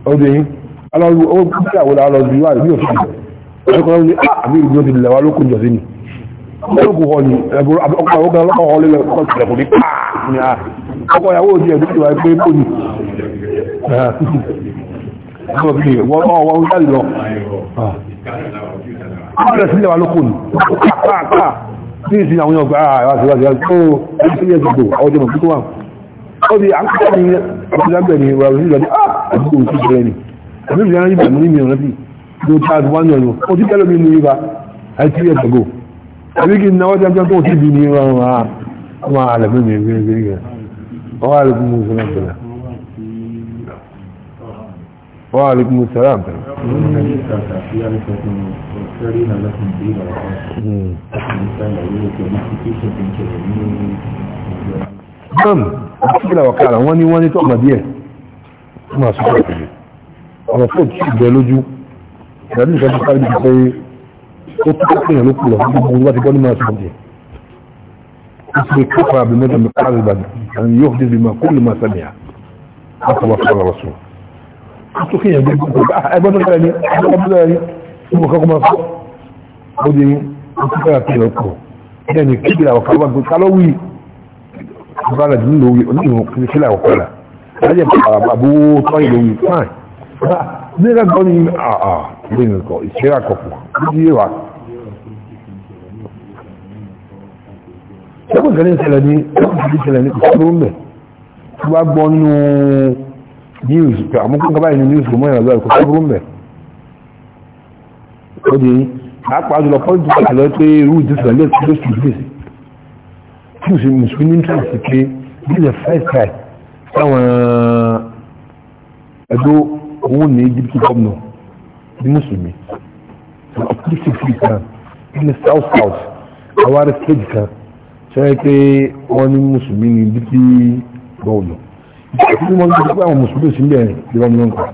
ọdún yìí aláwọ̀ ó kí àwọn alọ́dún wà ní òfin ah, ọkọ̀ ní àbí ìgbó ti lẹ̀wà ló kún jọsí ni ọkọ̀ hàn ní ẹgbùrú ọkọ̀ ọkọ̀ ọkọ̀ ọlẹ́ ọkọ̀ ní ọkọ̀ ìyàwó òjì ẹ̀dùn ti wà pé kò ní ah, wọ́n wọ́n jáde lọ ah. ọkọ̀ sí lẹ̀wà ló kún ní ìsìn àwọn ọgbà àwọn àṣíwájú ó di àkọ́kọ́ ní ọ̀pọ̀lọpọ̀ ní wà lórí ìgbàdí ah! àdúgbò òkú jẹ́ ni àbí ìrìn àárín ìbàmú ní mìíràn bí ló ta àti wọ́n yọ̀nù ó ti tẹ́lẹ̀ mi ní ibà àti ilé ẹ̀dọ̀gò àbí kí n náwó tí a jẹ́ tó ti bí ní ìwà wọn a wọn a lè mí mi rí rí rẹ̀ ọwọ́ àlekún mu sọ́lá bẹ̀rẹ̀ gbọ́n àtúgbìlà ọ̀kadà wọ́n ní wọ́n ní tọ́gbà díẹ̀ wọ́n máa sọ́kọ̀ ìpínlẹ̀ ọ̀rọ̀ fún òtún ìgbẹ́ lójú ìdájú ìfẹ́ tó sáré bíi pé ó tó kọ́ èèyàn ló kù lọ gbogbo wọn ti gbọ́ ní máa sọ́kọ̀ díẹ̀ ó sì kọ́ fún abẹ mẹ́ta mi káàdì ìbàdàn àwọn yóò fi débi máa kó lè máa sàmìyà wọ́n sọ wá fún ọ̀rọ̀ sùn ó tó kéèyàn gbé gbogbo ẹgbẹ́ tó kẹ́rẹ́ ní ẹgbẹ́ tó kẹ́rẹ́ ní gbogbo kọ́kọ́ máa sọ ó di ó tó kẹ́rẹ́ bala jin lo wi oni mo ni kila ko kala aje fine ne ga goni a a ni ko isira ko ko wa ko gani sele ni ko di sele ni ko ro nbe tó bá gbọ́ nínú news pé àmúkú nǹkan báyìí ní news ló mọ́ ìrìnàjò àìkú tó burú mẹ́ ó di pàápàá jùlọ pọ́ńtù pàtàkì lọ pé irú ìdísìlẹ̀ lè lóṣù fúnṣe mùsùlùmí tàbí pé bí the first time táwọn ẹ̀dọ́ owó ní egypt gómìnà ní mùsùlùmí ọ̀pọ̀lọpọ̀ six feet kan ní south south àwárí stage kan sọ́yẹ́ pé wọ́n ní mùsùlùmí ní egypt gómìnà ìgbàgbọ́ wọn gbọ́dọ̀ pé àwọn mùsùlùmí sí ilẹ̀ ìrọ̀mù náà kan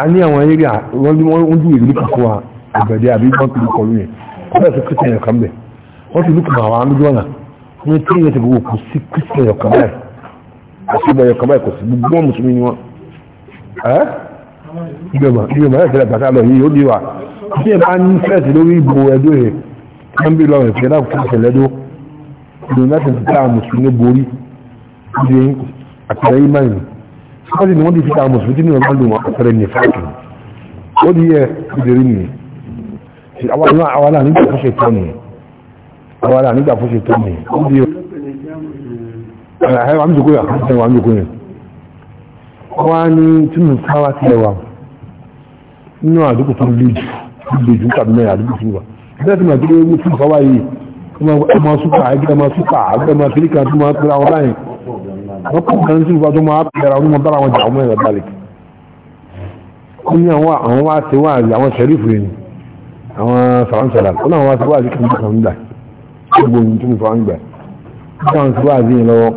a ní àwọn eré àwọn ní wọ́n ju ìlú kan wa àgbẹ̀dẹ àbí wọ́n ti lù kọlu yẹn wọ́n bẹ̀rẹ̀ sí christian kan bẹ̀ wọ́n ti lù kọ̀ àwọn àmì ní tí yẹn ti gbogbo kò sí kristian yọkàn báyìí àṣìbọ yọkàn báyìí kò sí gbogbo mùsùlùmí ni wọn ẹ ìgbìmọ̀ ìgbìmọ̀ ẹ̀ tẹ́lẹ̀ gbàtà lọ yìí ó di wa tí yẹn bá ń fẹ́ẹ̀sì lórí ìbò ẹ̀dọ́ yẹn wọ́n bí lọ́rùn ìfẹ́ náà kí ìṣẹ̀lẹ̀ dó ìgbìmọ̀ láti fi ká mùsùlùmí borí ìdí ẹ̀yìn àtẹ̀rẹ̀ yìí máa yìí wọ́n sì ni wọ́n ti fi ká mùsùlùmí tí wọ́n bá lù wọn àtẹ̀rẹ̀ ní fáàkì ó di yẹ ìdérí nìyẹn àwọn náà nígbà tó ṣe tán nìyẹn àwọn ará nígbà fún ṣe tó mi ó bí ẹ̀rọ àmìjòkó yà kàn sẹ́wọ̀n àmìjòkó yẹn wọ́n á ní tí mo sáwá sí ẹwà nínú àdúgbò tó lè jù lè jù tàbí mẹ́rin àdúgbò tó wà bẹ́ẹ̀ tí mo àdúgbò ewu tí mo sáwá yìí ẹmọ súpà ẹgbẹ́ ẹmọ súpà ẹgbẹ́ ẹmọ sílí kan tó máa pẹ́ra wọn báyìí wọ́n kọ́ kan sí ìfọdún máa pẹ́ra wọn máa bára wọn jà ọmọ ẹ̀rọ balẹ̀ ó ní àwọn àwọn wá sí wá àwọn sẹ́rífù yẹn àwọn sàránsàrà ó náà wá sí wá sí kàmú kàmú dà gbogbo ohun tí mo fọwọ́n gbà báwọn tí wàá zíyìn lọ́wọ́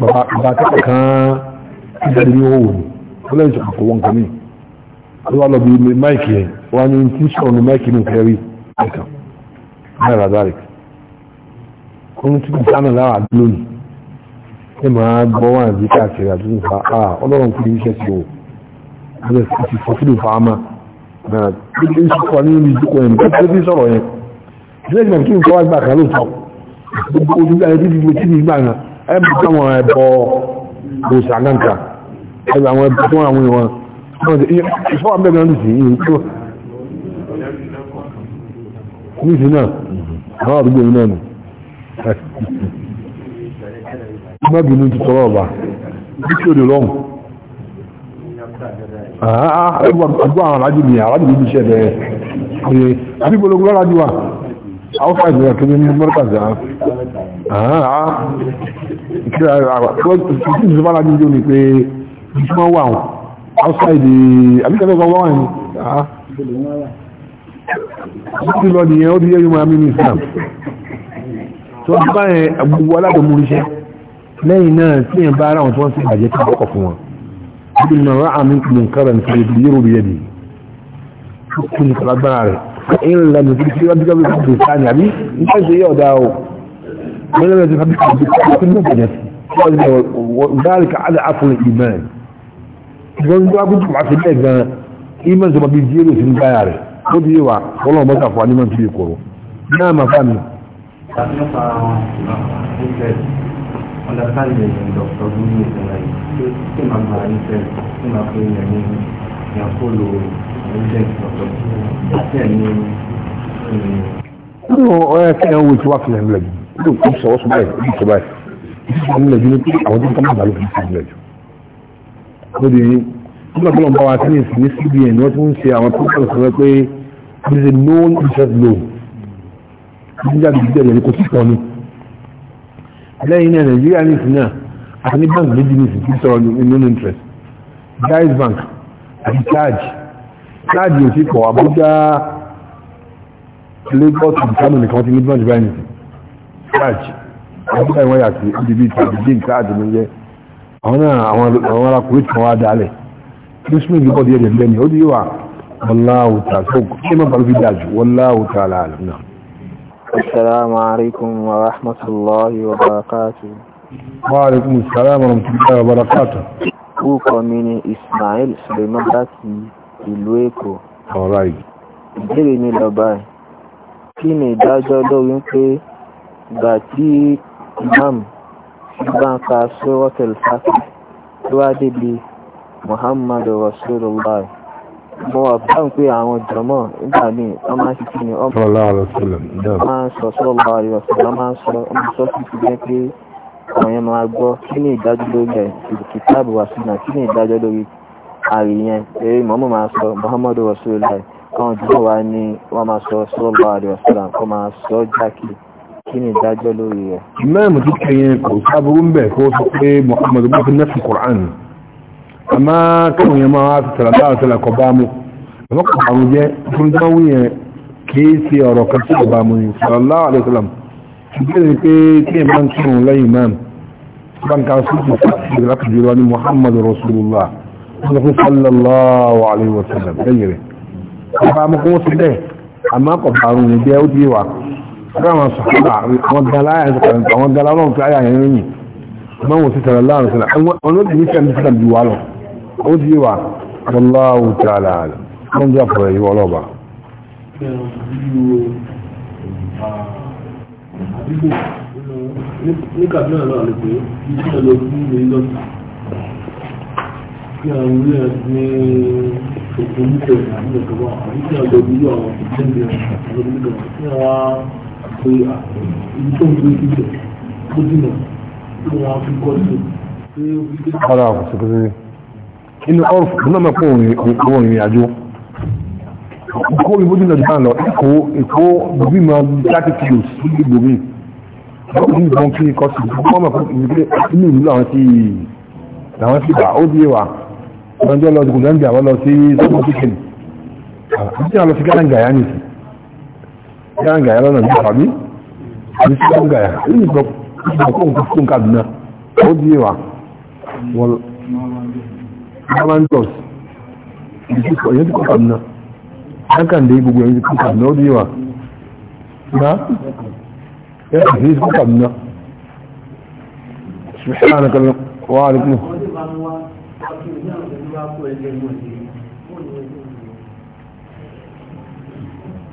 bàbá akẹ́kọ̀ọ́ kan ìdàdí ní owó ni ó lẹ́yìn sọ̀rọ̀ kọ̀ wọ́n kan ní ó wà lọ bí máìkì yẹn wọ́n ní tí sọ̀rọ̀ ní máìkì mi kẹ́rí ẹ̀kan náírà dárẹ̀ ohun tí mo sánà láwà lónìí ṣé màá gbọ́ wọn àbí káàkiri àdúgbò fa a ọlọ́run kúrò iṣẹ́ sí o àbẹ̀ sì fọ́sílù fa ama náà bí ó sọ̀rọ̀ ní ìdíkọ̀ yẹn bí ó sọ̀rọ̀ yẹn president kí n kọ́ àgbà kan ló sọ gbogbo ojú ayé títí mo títí gbà náà ẹ bí káwọn ẹbọ òòsà kankan ẹ bí àwọn ẹbí tó wọn àwọn ìwọn ìfọwọ́ abẹ́ gan lùsì yìí tó lùsì náà àwọn àdúgbò yìí náà nù má bínú ti tọrọ ọba bí kí o lè rọrùn àgbà àwọn alájú mi alájú mi bí iṣẹ́ bẹ́ẹ̀ àbí gbogbo lọ́lájú wa hausa da zaka ne murka da ah kira a ko cikin zuwa na bidiyo ne pe kuma wa outside the abika da wa ni ah ti lo ni e o di ye ma mi ni so ba e abuwa la do mu ise lẹ́yìn náà tí yẹn bá ara wọn tí wọ́n sì bàjẹ́ tí wọ́n kọ̀ fún wọn ibi ìmọ̀ ra'amin kùnkára ní sọ́yẹ́ bí yẹ́rù yẹ́dì tó kún ní kalagbára rẹ̀ in lam yudriki rabbika bi fadli thani abi in ka je yau dawo mun lam yudriki rabbika bi fadli kun da ne ذلك على عفو الايمان gun da ku ma fi da ga iman zuba bi jiro sun bayare ko bi wa wallahi ba ka fa ni man fi koro na ma fami understand nínú ọ̀rẹ́ kí ẹ̀ ń wo tí wàá kílẹ̀ ńlẹ̀ jù ní òkú sọ̀rọ̀ sọ báyìí ní ìsọ báyìí ìsọ sọ̀rọ̀ ńlẹ̀ jù ní pé àwọn tó ń tọ́mọ̀ bàálù kìí sílẹ̀ jù. ó di nígbà tó lọ bá wa sí ní ìsìn ní cbn ni wọ́n ti ń ṣe àwọn tó kọ̀ sọ pé this is a known interest loan ní jáde ìdílé rẹ̀ ní kò sí pọ̀ ni. lẹ́yìn náà nàìjíríà ní ìsìn náà àti ní báńkì méjì ní ìsìn tí sọ̀rọ̀ nínú interest Jaiz Bank àti charge káàdì òsì kọ̀ Àbújá Lagos ìdíkánù nìkan ti ní branch báyìí káàdì Àbújá ìwọ̀n yàtì ìdìbí ìtàbí dín káàdì ló jẹ́ àwọn náà àwọn arákùnrin kan wá dálẹ̀ christmas bí bọ́dí ẹ̀jẹ̀ lẹ́ni ó dí wà wallahu ta'ala fókù kí mọ́ bàbí dájú wallahu ta'ala àlùmọ́ assalamu alaikum wa rahmatullahi wa barakatuh wa alaikum assalamu wa rahmatullahi wa barakatuh kúkọ mi ni Ismail Suleiman láti ìlú èkó. ìbéèrè mi lọ báyìí kí ni ìdájọ́ lórí pé ìgbà tí imam bá ń ka suratul fatih tó wá débi muhammadu rasulullah mo wà bá ń pé àwọn jọmọ́ nígbà míì wọ́n máa ń ṣiṣẹ́ ní ọmọ máa ń sọ sọ́lọ́ àríwọ̀sọ́lọ́ máa ń sọ ọmọ sọ sí ti jẹ́ pé àwọn yẹn máa gbọ́ kí ni ìdájọ́ lórí ẹ̀ kìtàbù wà sínú kí ni ìdájọ́ lórí àrì yẹn eré mọ́mọ́ máa sọ muhammadu rasulullah kan jùlọ wá ní wọ́n máa sọ sallallahu alaihi wasallam kọ́ máa sọ jákì kí ni ìdájọ́ lórí rẹ̀. ìmáàmù tó kẹ́ yẹn kò sábúrú ń bẹ̀ kó sọ pé muhammadu bá fi nẹ́sì quran àmá káwọn yẹn máa fi sọ̀rọ̀ láwọn sọ̀rọ̀ kọ bá mu àmọ́ kò àrùn jẹ́ fún táwọn yẹn kì ní muhammadu rasulullah ọlọ́pẹ́ sallallahu alayhi wa sallam lẹ́yìn rẹ̀ ọba amọ́kọ́ sí bẹ́ẹ̀ àmọ́ kọ̀bàrún ní jẹ́ ó di wà ráwọn sọ̀rọ̀ àwọn gala ẹ̀sọ̀kọ̀rọ̀ àwọn gala ọlọ́run fi ayà yẹn rìn mọ́ wọ́n sí sọ̀rọ̀ láàrín sọ̀rọ̀ àwọn olóògbé bí wà ó di wà Allahu ta'ala wọ́n jẹ́ àpọ̀rọ̀ yìí ọlọ́ba. nígbà náà lọ́wọ́ àlejò kí àwọn ilé ẹgbẹ́ òkú nípa ìlànà ìjọba àbí kí àwọn ìlú àwọn ìdílé àwọn ìlú kí wọ́n pe ibi tó ń gbé síbẹ̀ tó dìnà kí wọ́n fi kọ́ sí Ara òṣèkèrè inú ọ̀rọ̀ náà mẹ́kọ̀ òun ìrìn àjò. Kó ìbó dínà jù náà lọ, Èkó Èkó bí máa dákì kí o sí ìgbòmí. Bọ́ọ̀dún ìbọn kí kọ́ sí ìgbòmí. Wọ́n mẹ́kọ̀ ìrìn àjò inú ìlú àwọn sí ìgbà. Ó di wà wọ́n lọ dùkùn lẹ́njà wọ́n lọ sí sọ́mọ́ àti àwọn sí gánàgàyà ní sí lọ́nà ní àfàmí àti sí gánàgàyà ní ìgbọ̀kún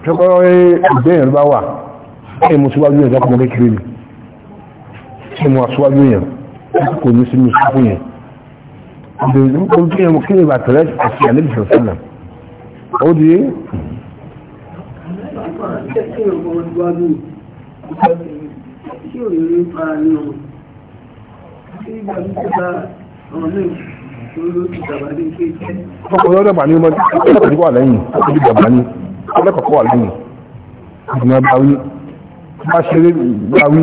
ṣọ́kọ́rọ́ ìgbẹ́yàn bá wà ẹ̀ mú síwájú yẹn lọ́kọ̀ọ́ kékeré ni ṣe mú àṣíwájú yẹn kò ní sínú sáfù yẹn ọdún tó yẹ mú kí ni bàtẹ̀rẹ́ àti ìgbà ní ọmọ náà ọkùnrin ọdọ bàní ọmọ ọdọ wà lẹ́yìn ọdọ bàbá ní ọlọ́kọ̀ọ́kọ́ wà lẹ́yìn ọdún bá wí bá ṣeré bá wí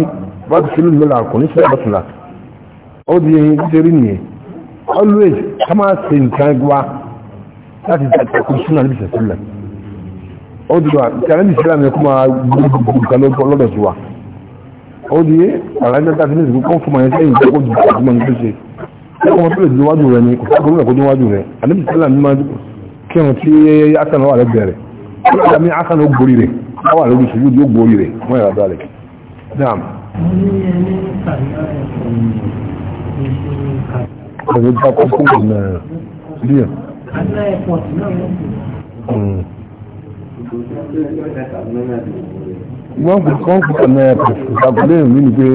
bá ti ṣeré lọ́la kò ní ṣẹlẹ̀ bọ́tùlà ó di ẹyin tó ṣeré nìyẹn always ká máa ṣe nǹkan wá láti ṣàkóso sínú àlejò ṣẹṣẹlẹ ó di wa tí àlejò ṣẹlẹ̀ mi kó máa gbogbo nǹkan lọ́dọ̀ sí wa ó di àlejò ṣẹlẹ̀ mi kó fún ọmọ yẹn sẹ́yìn tó kó jù ẹ̀kọ́ tó lè níwájú rẹ̀ ni kò fún agbóhùn ẹ̀kọ́ níwájú rẹ̀ àníbi sílẹ̀ ní máa kírun tí asan wà lẹ́gbẹ̀ẹ́ rẹ̀ ó lọ́dà mí asan ó gborí rẹ̀ láwà lórí ṣubú tí gborí rẹ̀ wọ́n yàrá dálẹ̀ dam. ọ̀rẹ́ bá kó fún mi náà díẹ̀. Hmm. wọ́n kò kọ́ fún ọ̀nà ẹ̀pọ̀ ìṣàkóso ni pé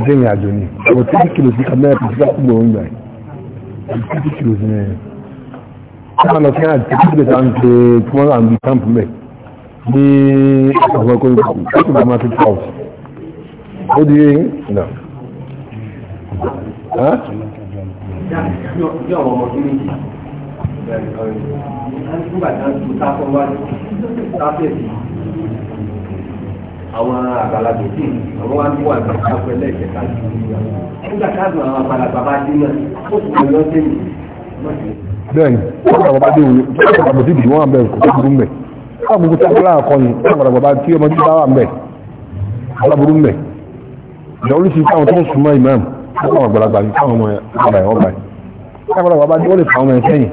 ìdẹ́yìn àjò ni ọ̀ títí kìlò sí kàmẹ́rà tó ti bá kúgbọ̀ ń gbà yìí títí kìlò sí ní ẹ̀yìn káwọn lọ fẹ́ràn títí kìlò sáà ń ṣe tí wọ́n rà ń bí káàmpù mẹ́ ní àwọn ẹ̀kọ́ ìkọ̀kọ̀ tó ti bá máa ti tọ̀ ó di yé nà. Nígbà tí wọ́n ti àwọn àgbàlagbè sí àwọn wá ń wà ní àpò ẹlẹ́ẹ̀kẹta nígbà káàdùn àwọn àgbàlagbà bá dé náà ó sì lọ sí ìlú. bẹ́ẹ̀ni wọn kà bàbá dé òní wọn kà bàbá dìbò wọn bẹ kó burú mbẹ wọn gbogbo tí aláà kọ ni wọn kà bàbá tí ọmọdé bá wà mbẹ aláburú mbẹ ìyàwó ló ti fáwọn tó ń súnmọ́ imam fáwọn àgbàlagbà yìí fáwọn ọmọ ọba yìí ọba yìí káwọn bàbá dé wọn lè fáwọn ọmọ ẹ sẹ́yìn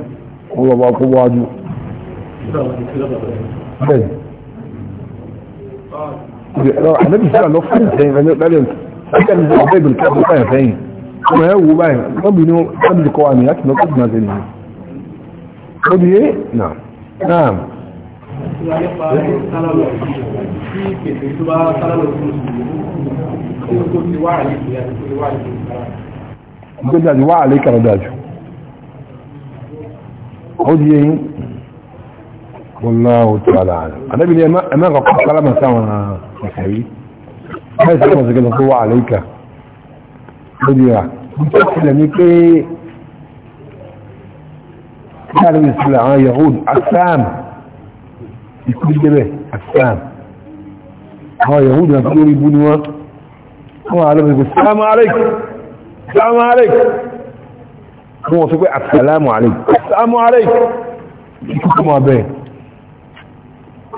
kó lọ bá kó wájú ànábì sílẹ̀ lọ fún ìsẹ́yìn ẹni lẹ́yìn ẹgbẹ́ ní ọ̀bẹ́ ìbìlì kọ́ ọ̀bẹ́ ìsẹ́yìn ọmọ ẹ̀ wò báyìí wọ́n bí ní ọdún kọ́ wa ní láti lọ́kọ́ ìgbà sí nìyí ó di yé nà náà. gbẹ́dà ti wá àlè kàrọ̀ dájú ó di yé yín wọ́n láwùjọ àlàáfíà ànábì ní ẹ̀mẹ́ kọ́kọ́ sálámà sáwọn náà ìfẹ̀rí báyìí tí wọ́n sì gẹ́gẹ́ tó wà àlẹ́kà lórí rà ní tó tilẹ̀ ní pé láàrin ìsìlẹ̀ àwọn yahood assam ìkúrúgbẹ́bẹ̀ assam àwọn yahood náà tó lórí ibú ni wọ́n wọ́n sọ ìkúkú máa bẹ̀rẹ̀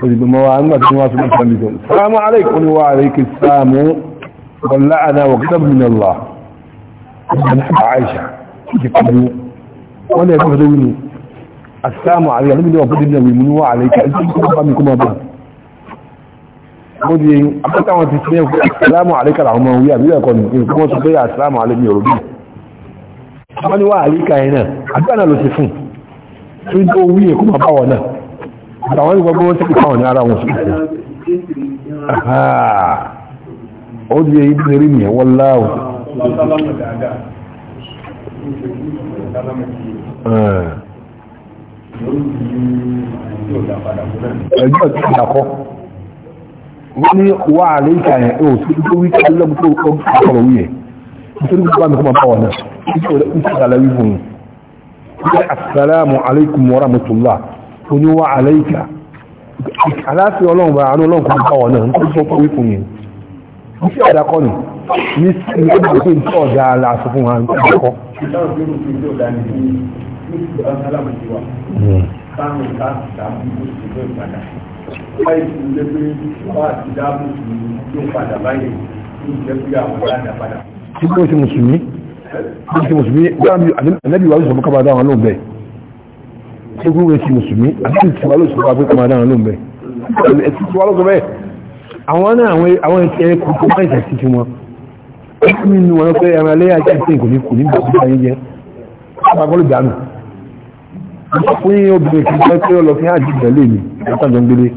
فجد مواعنا تنواصل الفندقون السلام عليكم وعليك السلام ولعنا وكتب من الله نحب عائشة يقول ولا يقول السلام عليكم من وفد النبي من وعليك انتم منكم ابا قولي أبدا وانتسميه السلام عليك العموية بلا يكون كما تقول السلام عليكم يا ربي من وعليك هنا أبدا أنا لو سفن تريد أويه كما باونا àwọn ìgbàgbọ́ wọ́n tẹ́kì fáwọn ní ara wọn sí ìfẹ́ ó di èyí bí rí nìyẹn wọ́n láwọ̀ ẹjọ́ ti dàkọ́ wọ́n ní wà á lè kà yẹn ó sì tó wí ká lọ́gbọ́n tó kọ́ ọ̀rọ̀ wí yẹn nítorí gbogbo Assalamu alaikum wa rahmatullah oníwà aláìkà aláàfí ọlọ́run bá àánú ọlọ́run kan bá wọ̀nà nǹkan tó fọwé fún yẹn ní sí ọ̀dà kọ́ ni ní sí ọ̀dà pé ní ọ̀dà aláàfí fún wọn nǹkan kọ́ Tí ó ṣe Mùsùlùmí, ó ṣe Mùsùlùmí, bí i ànábìwà ó ṣe mọ́kàbádá àwọn olóògbé ṣé kí wọ́n ti mùsùlùmí àti ìtura ló sọ pé kọ́ máa dáhùn ló ń bẹ̀ ẹ̀sì tí wọ́n lọ́sọ bẹ́ẹ̀ àwọn náà àwọn ẹ̀kẹ́ kò tó máa ìtẹ̀sí ti wọn ẹ̀kọ́ mi nu wọn pé ẹran alẹ́ ajá ìsìn kò ní kò ní bọ̀ sí ayé jẹ́ àbákọ́ lè dànù fún obìnrin kì í fẹ́ pé ọ lọ fi hàn jìbìtẹ̀ lé mi látàjọ ń gbélé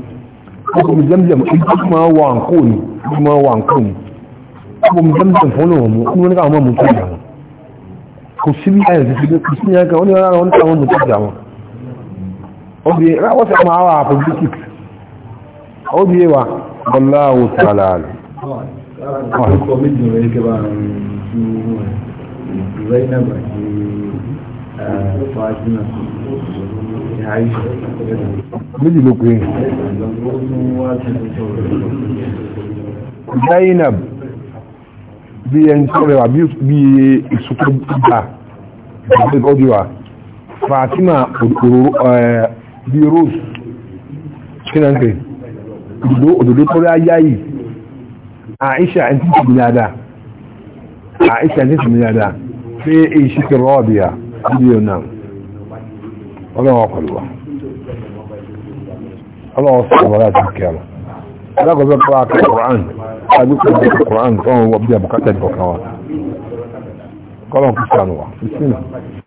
ọkùnrin jẹ́mjẹ̀m ìgbà tó máa wà ń kó ni tó máa wà ń kó ni ọkùnrin jẹ́mjẹ̀m fún òun mú kò sí ní ẹ̀ka wọn ni wọn ní káwọn mú tó wọn obi wọ́n sọ ma wà politics obi wa bọ́láwò tààlàlù méjì ló pé Zainab bí ẹni tó rẹwà bí ìsúkú gbà ọdíwà Fatima òròrò bí rose kínan kiri òdòdó tó rí ayá yìí àìṣà ẹni tí tìmí dáadáa àìṣà ẹni tí tìmí dáadáa pé èyí ṣe kìrọ ọ̀bìyà fídíò náà ọlọ́wọ́ pẹ̀lú wa ọlọ́wọ́ sọ̀rọ̀ láti kẹrọ alákọ̀ọ́sọ́ kọ́ akẹ́ Quran tàbí kọ́ akẹ́ Quran tọ́wọ́ wọ́n bí abùkátà ìbọ̀kan wa kọ́lọ̀ kìsànù wa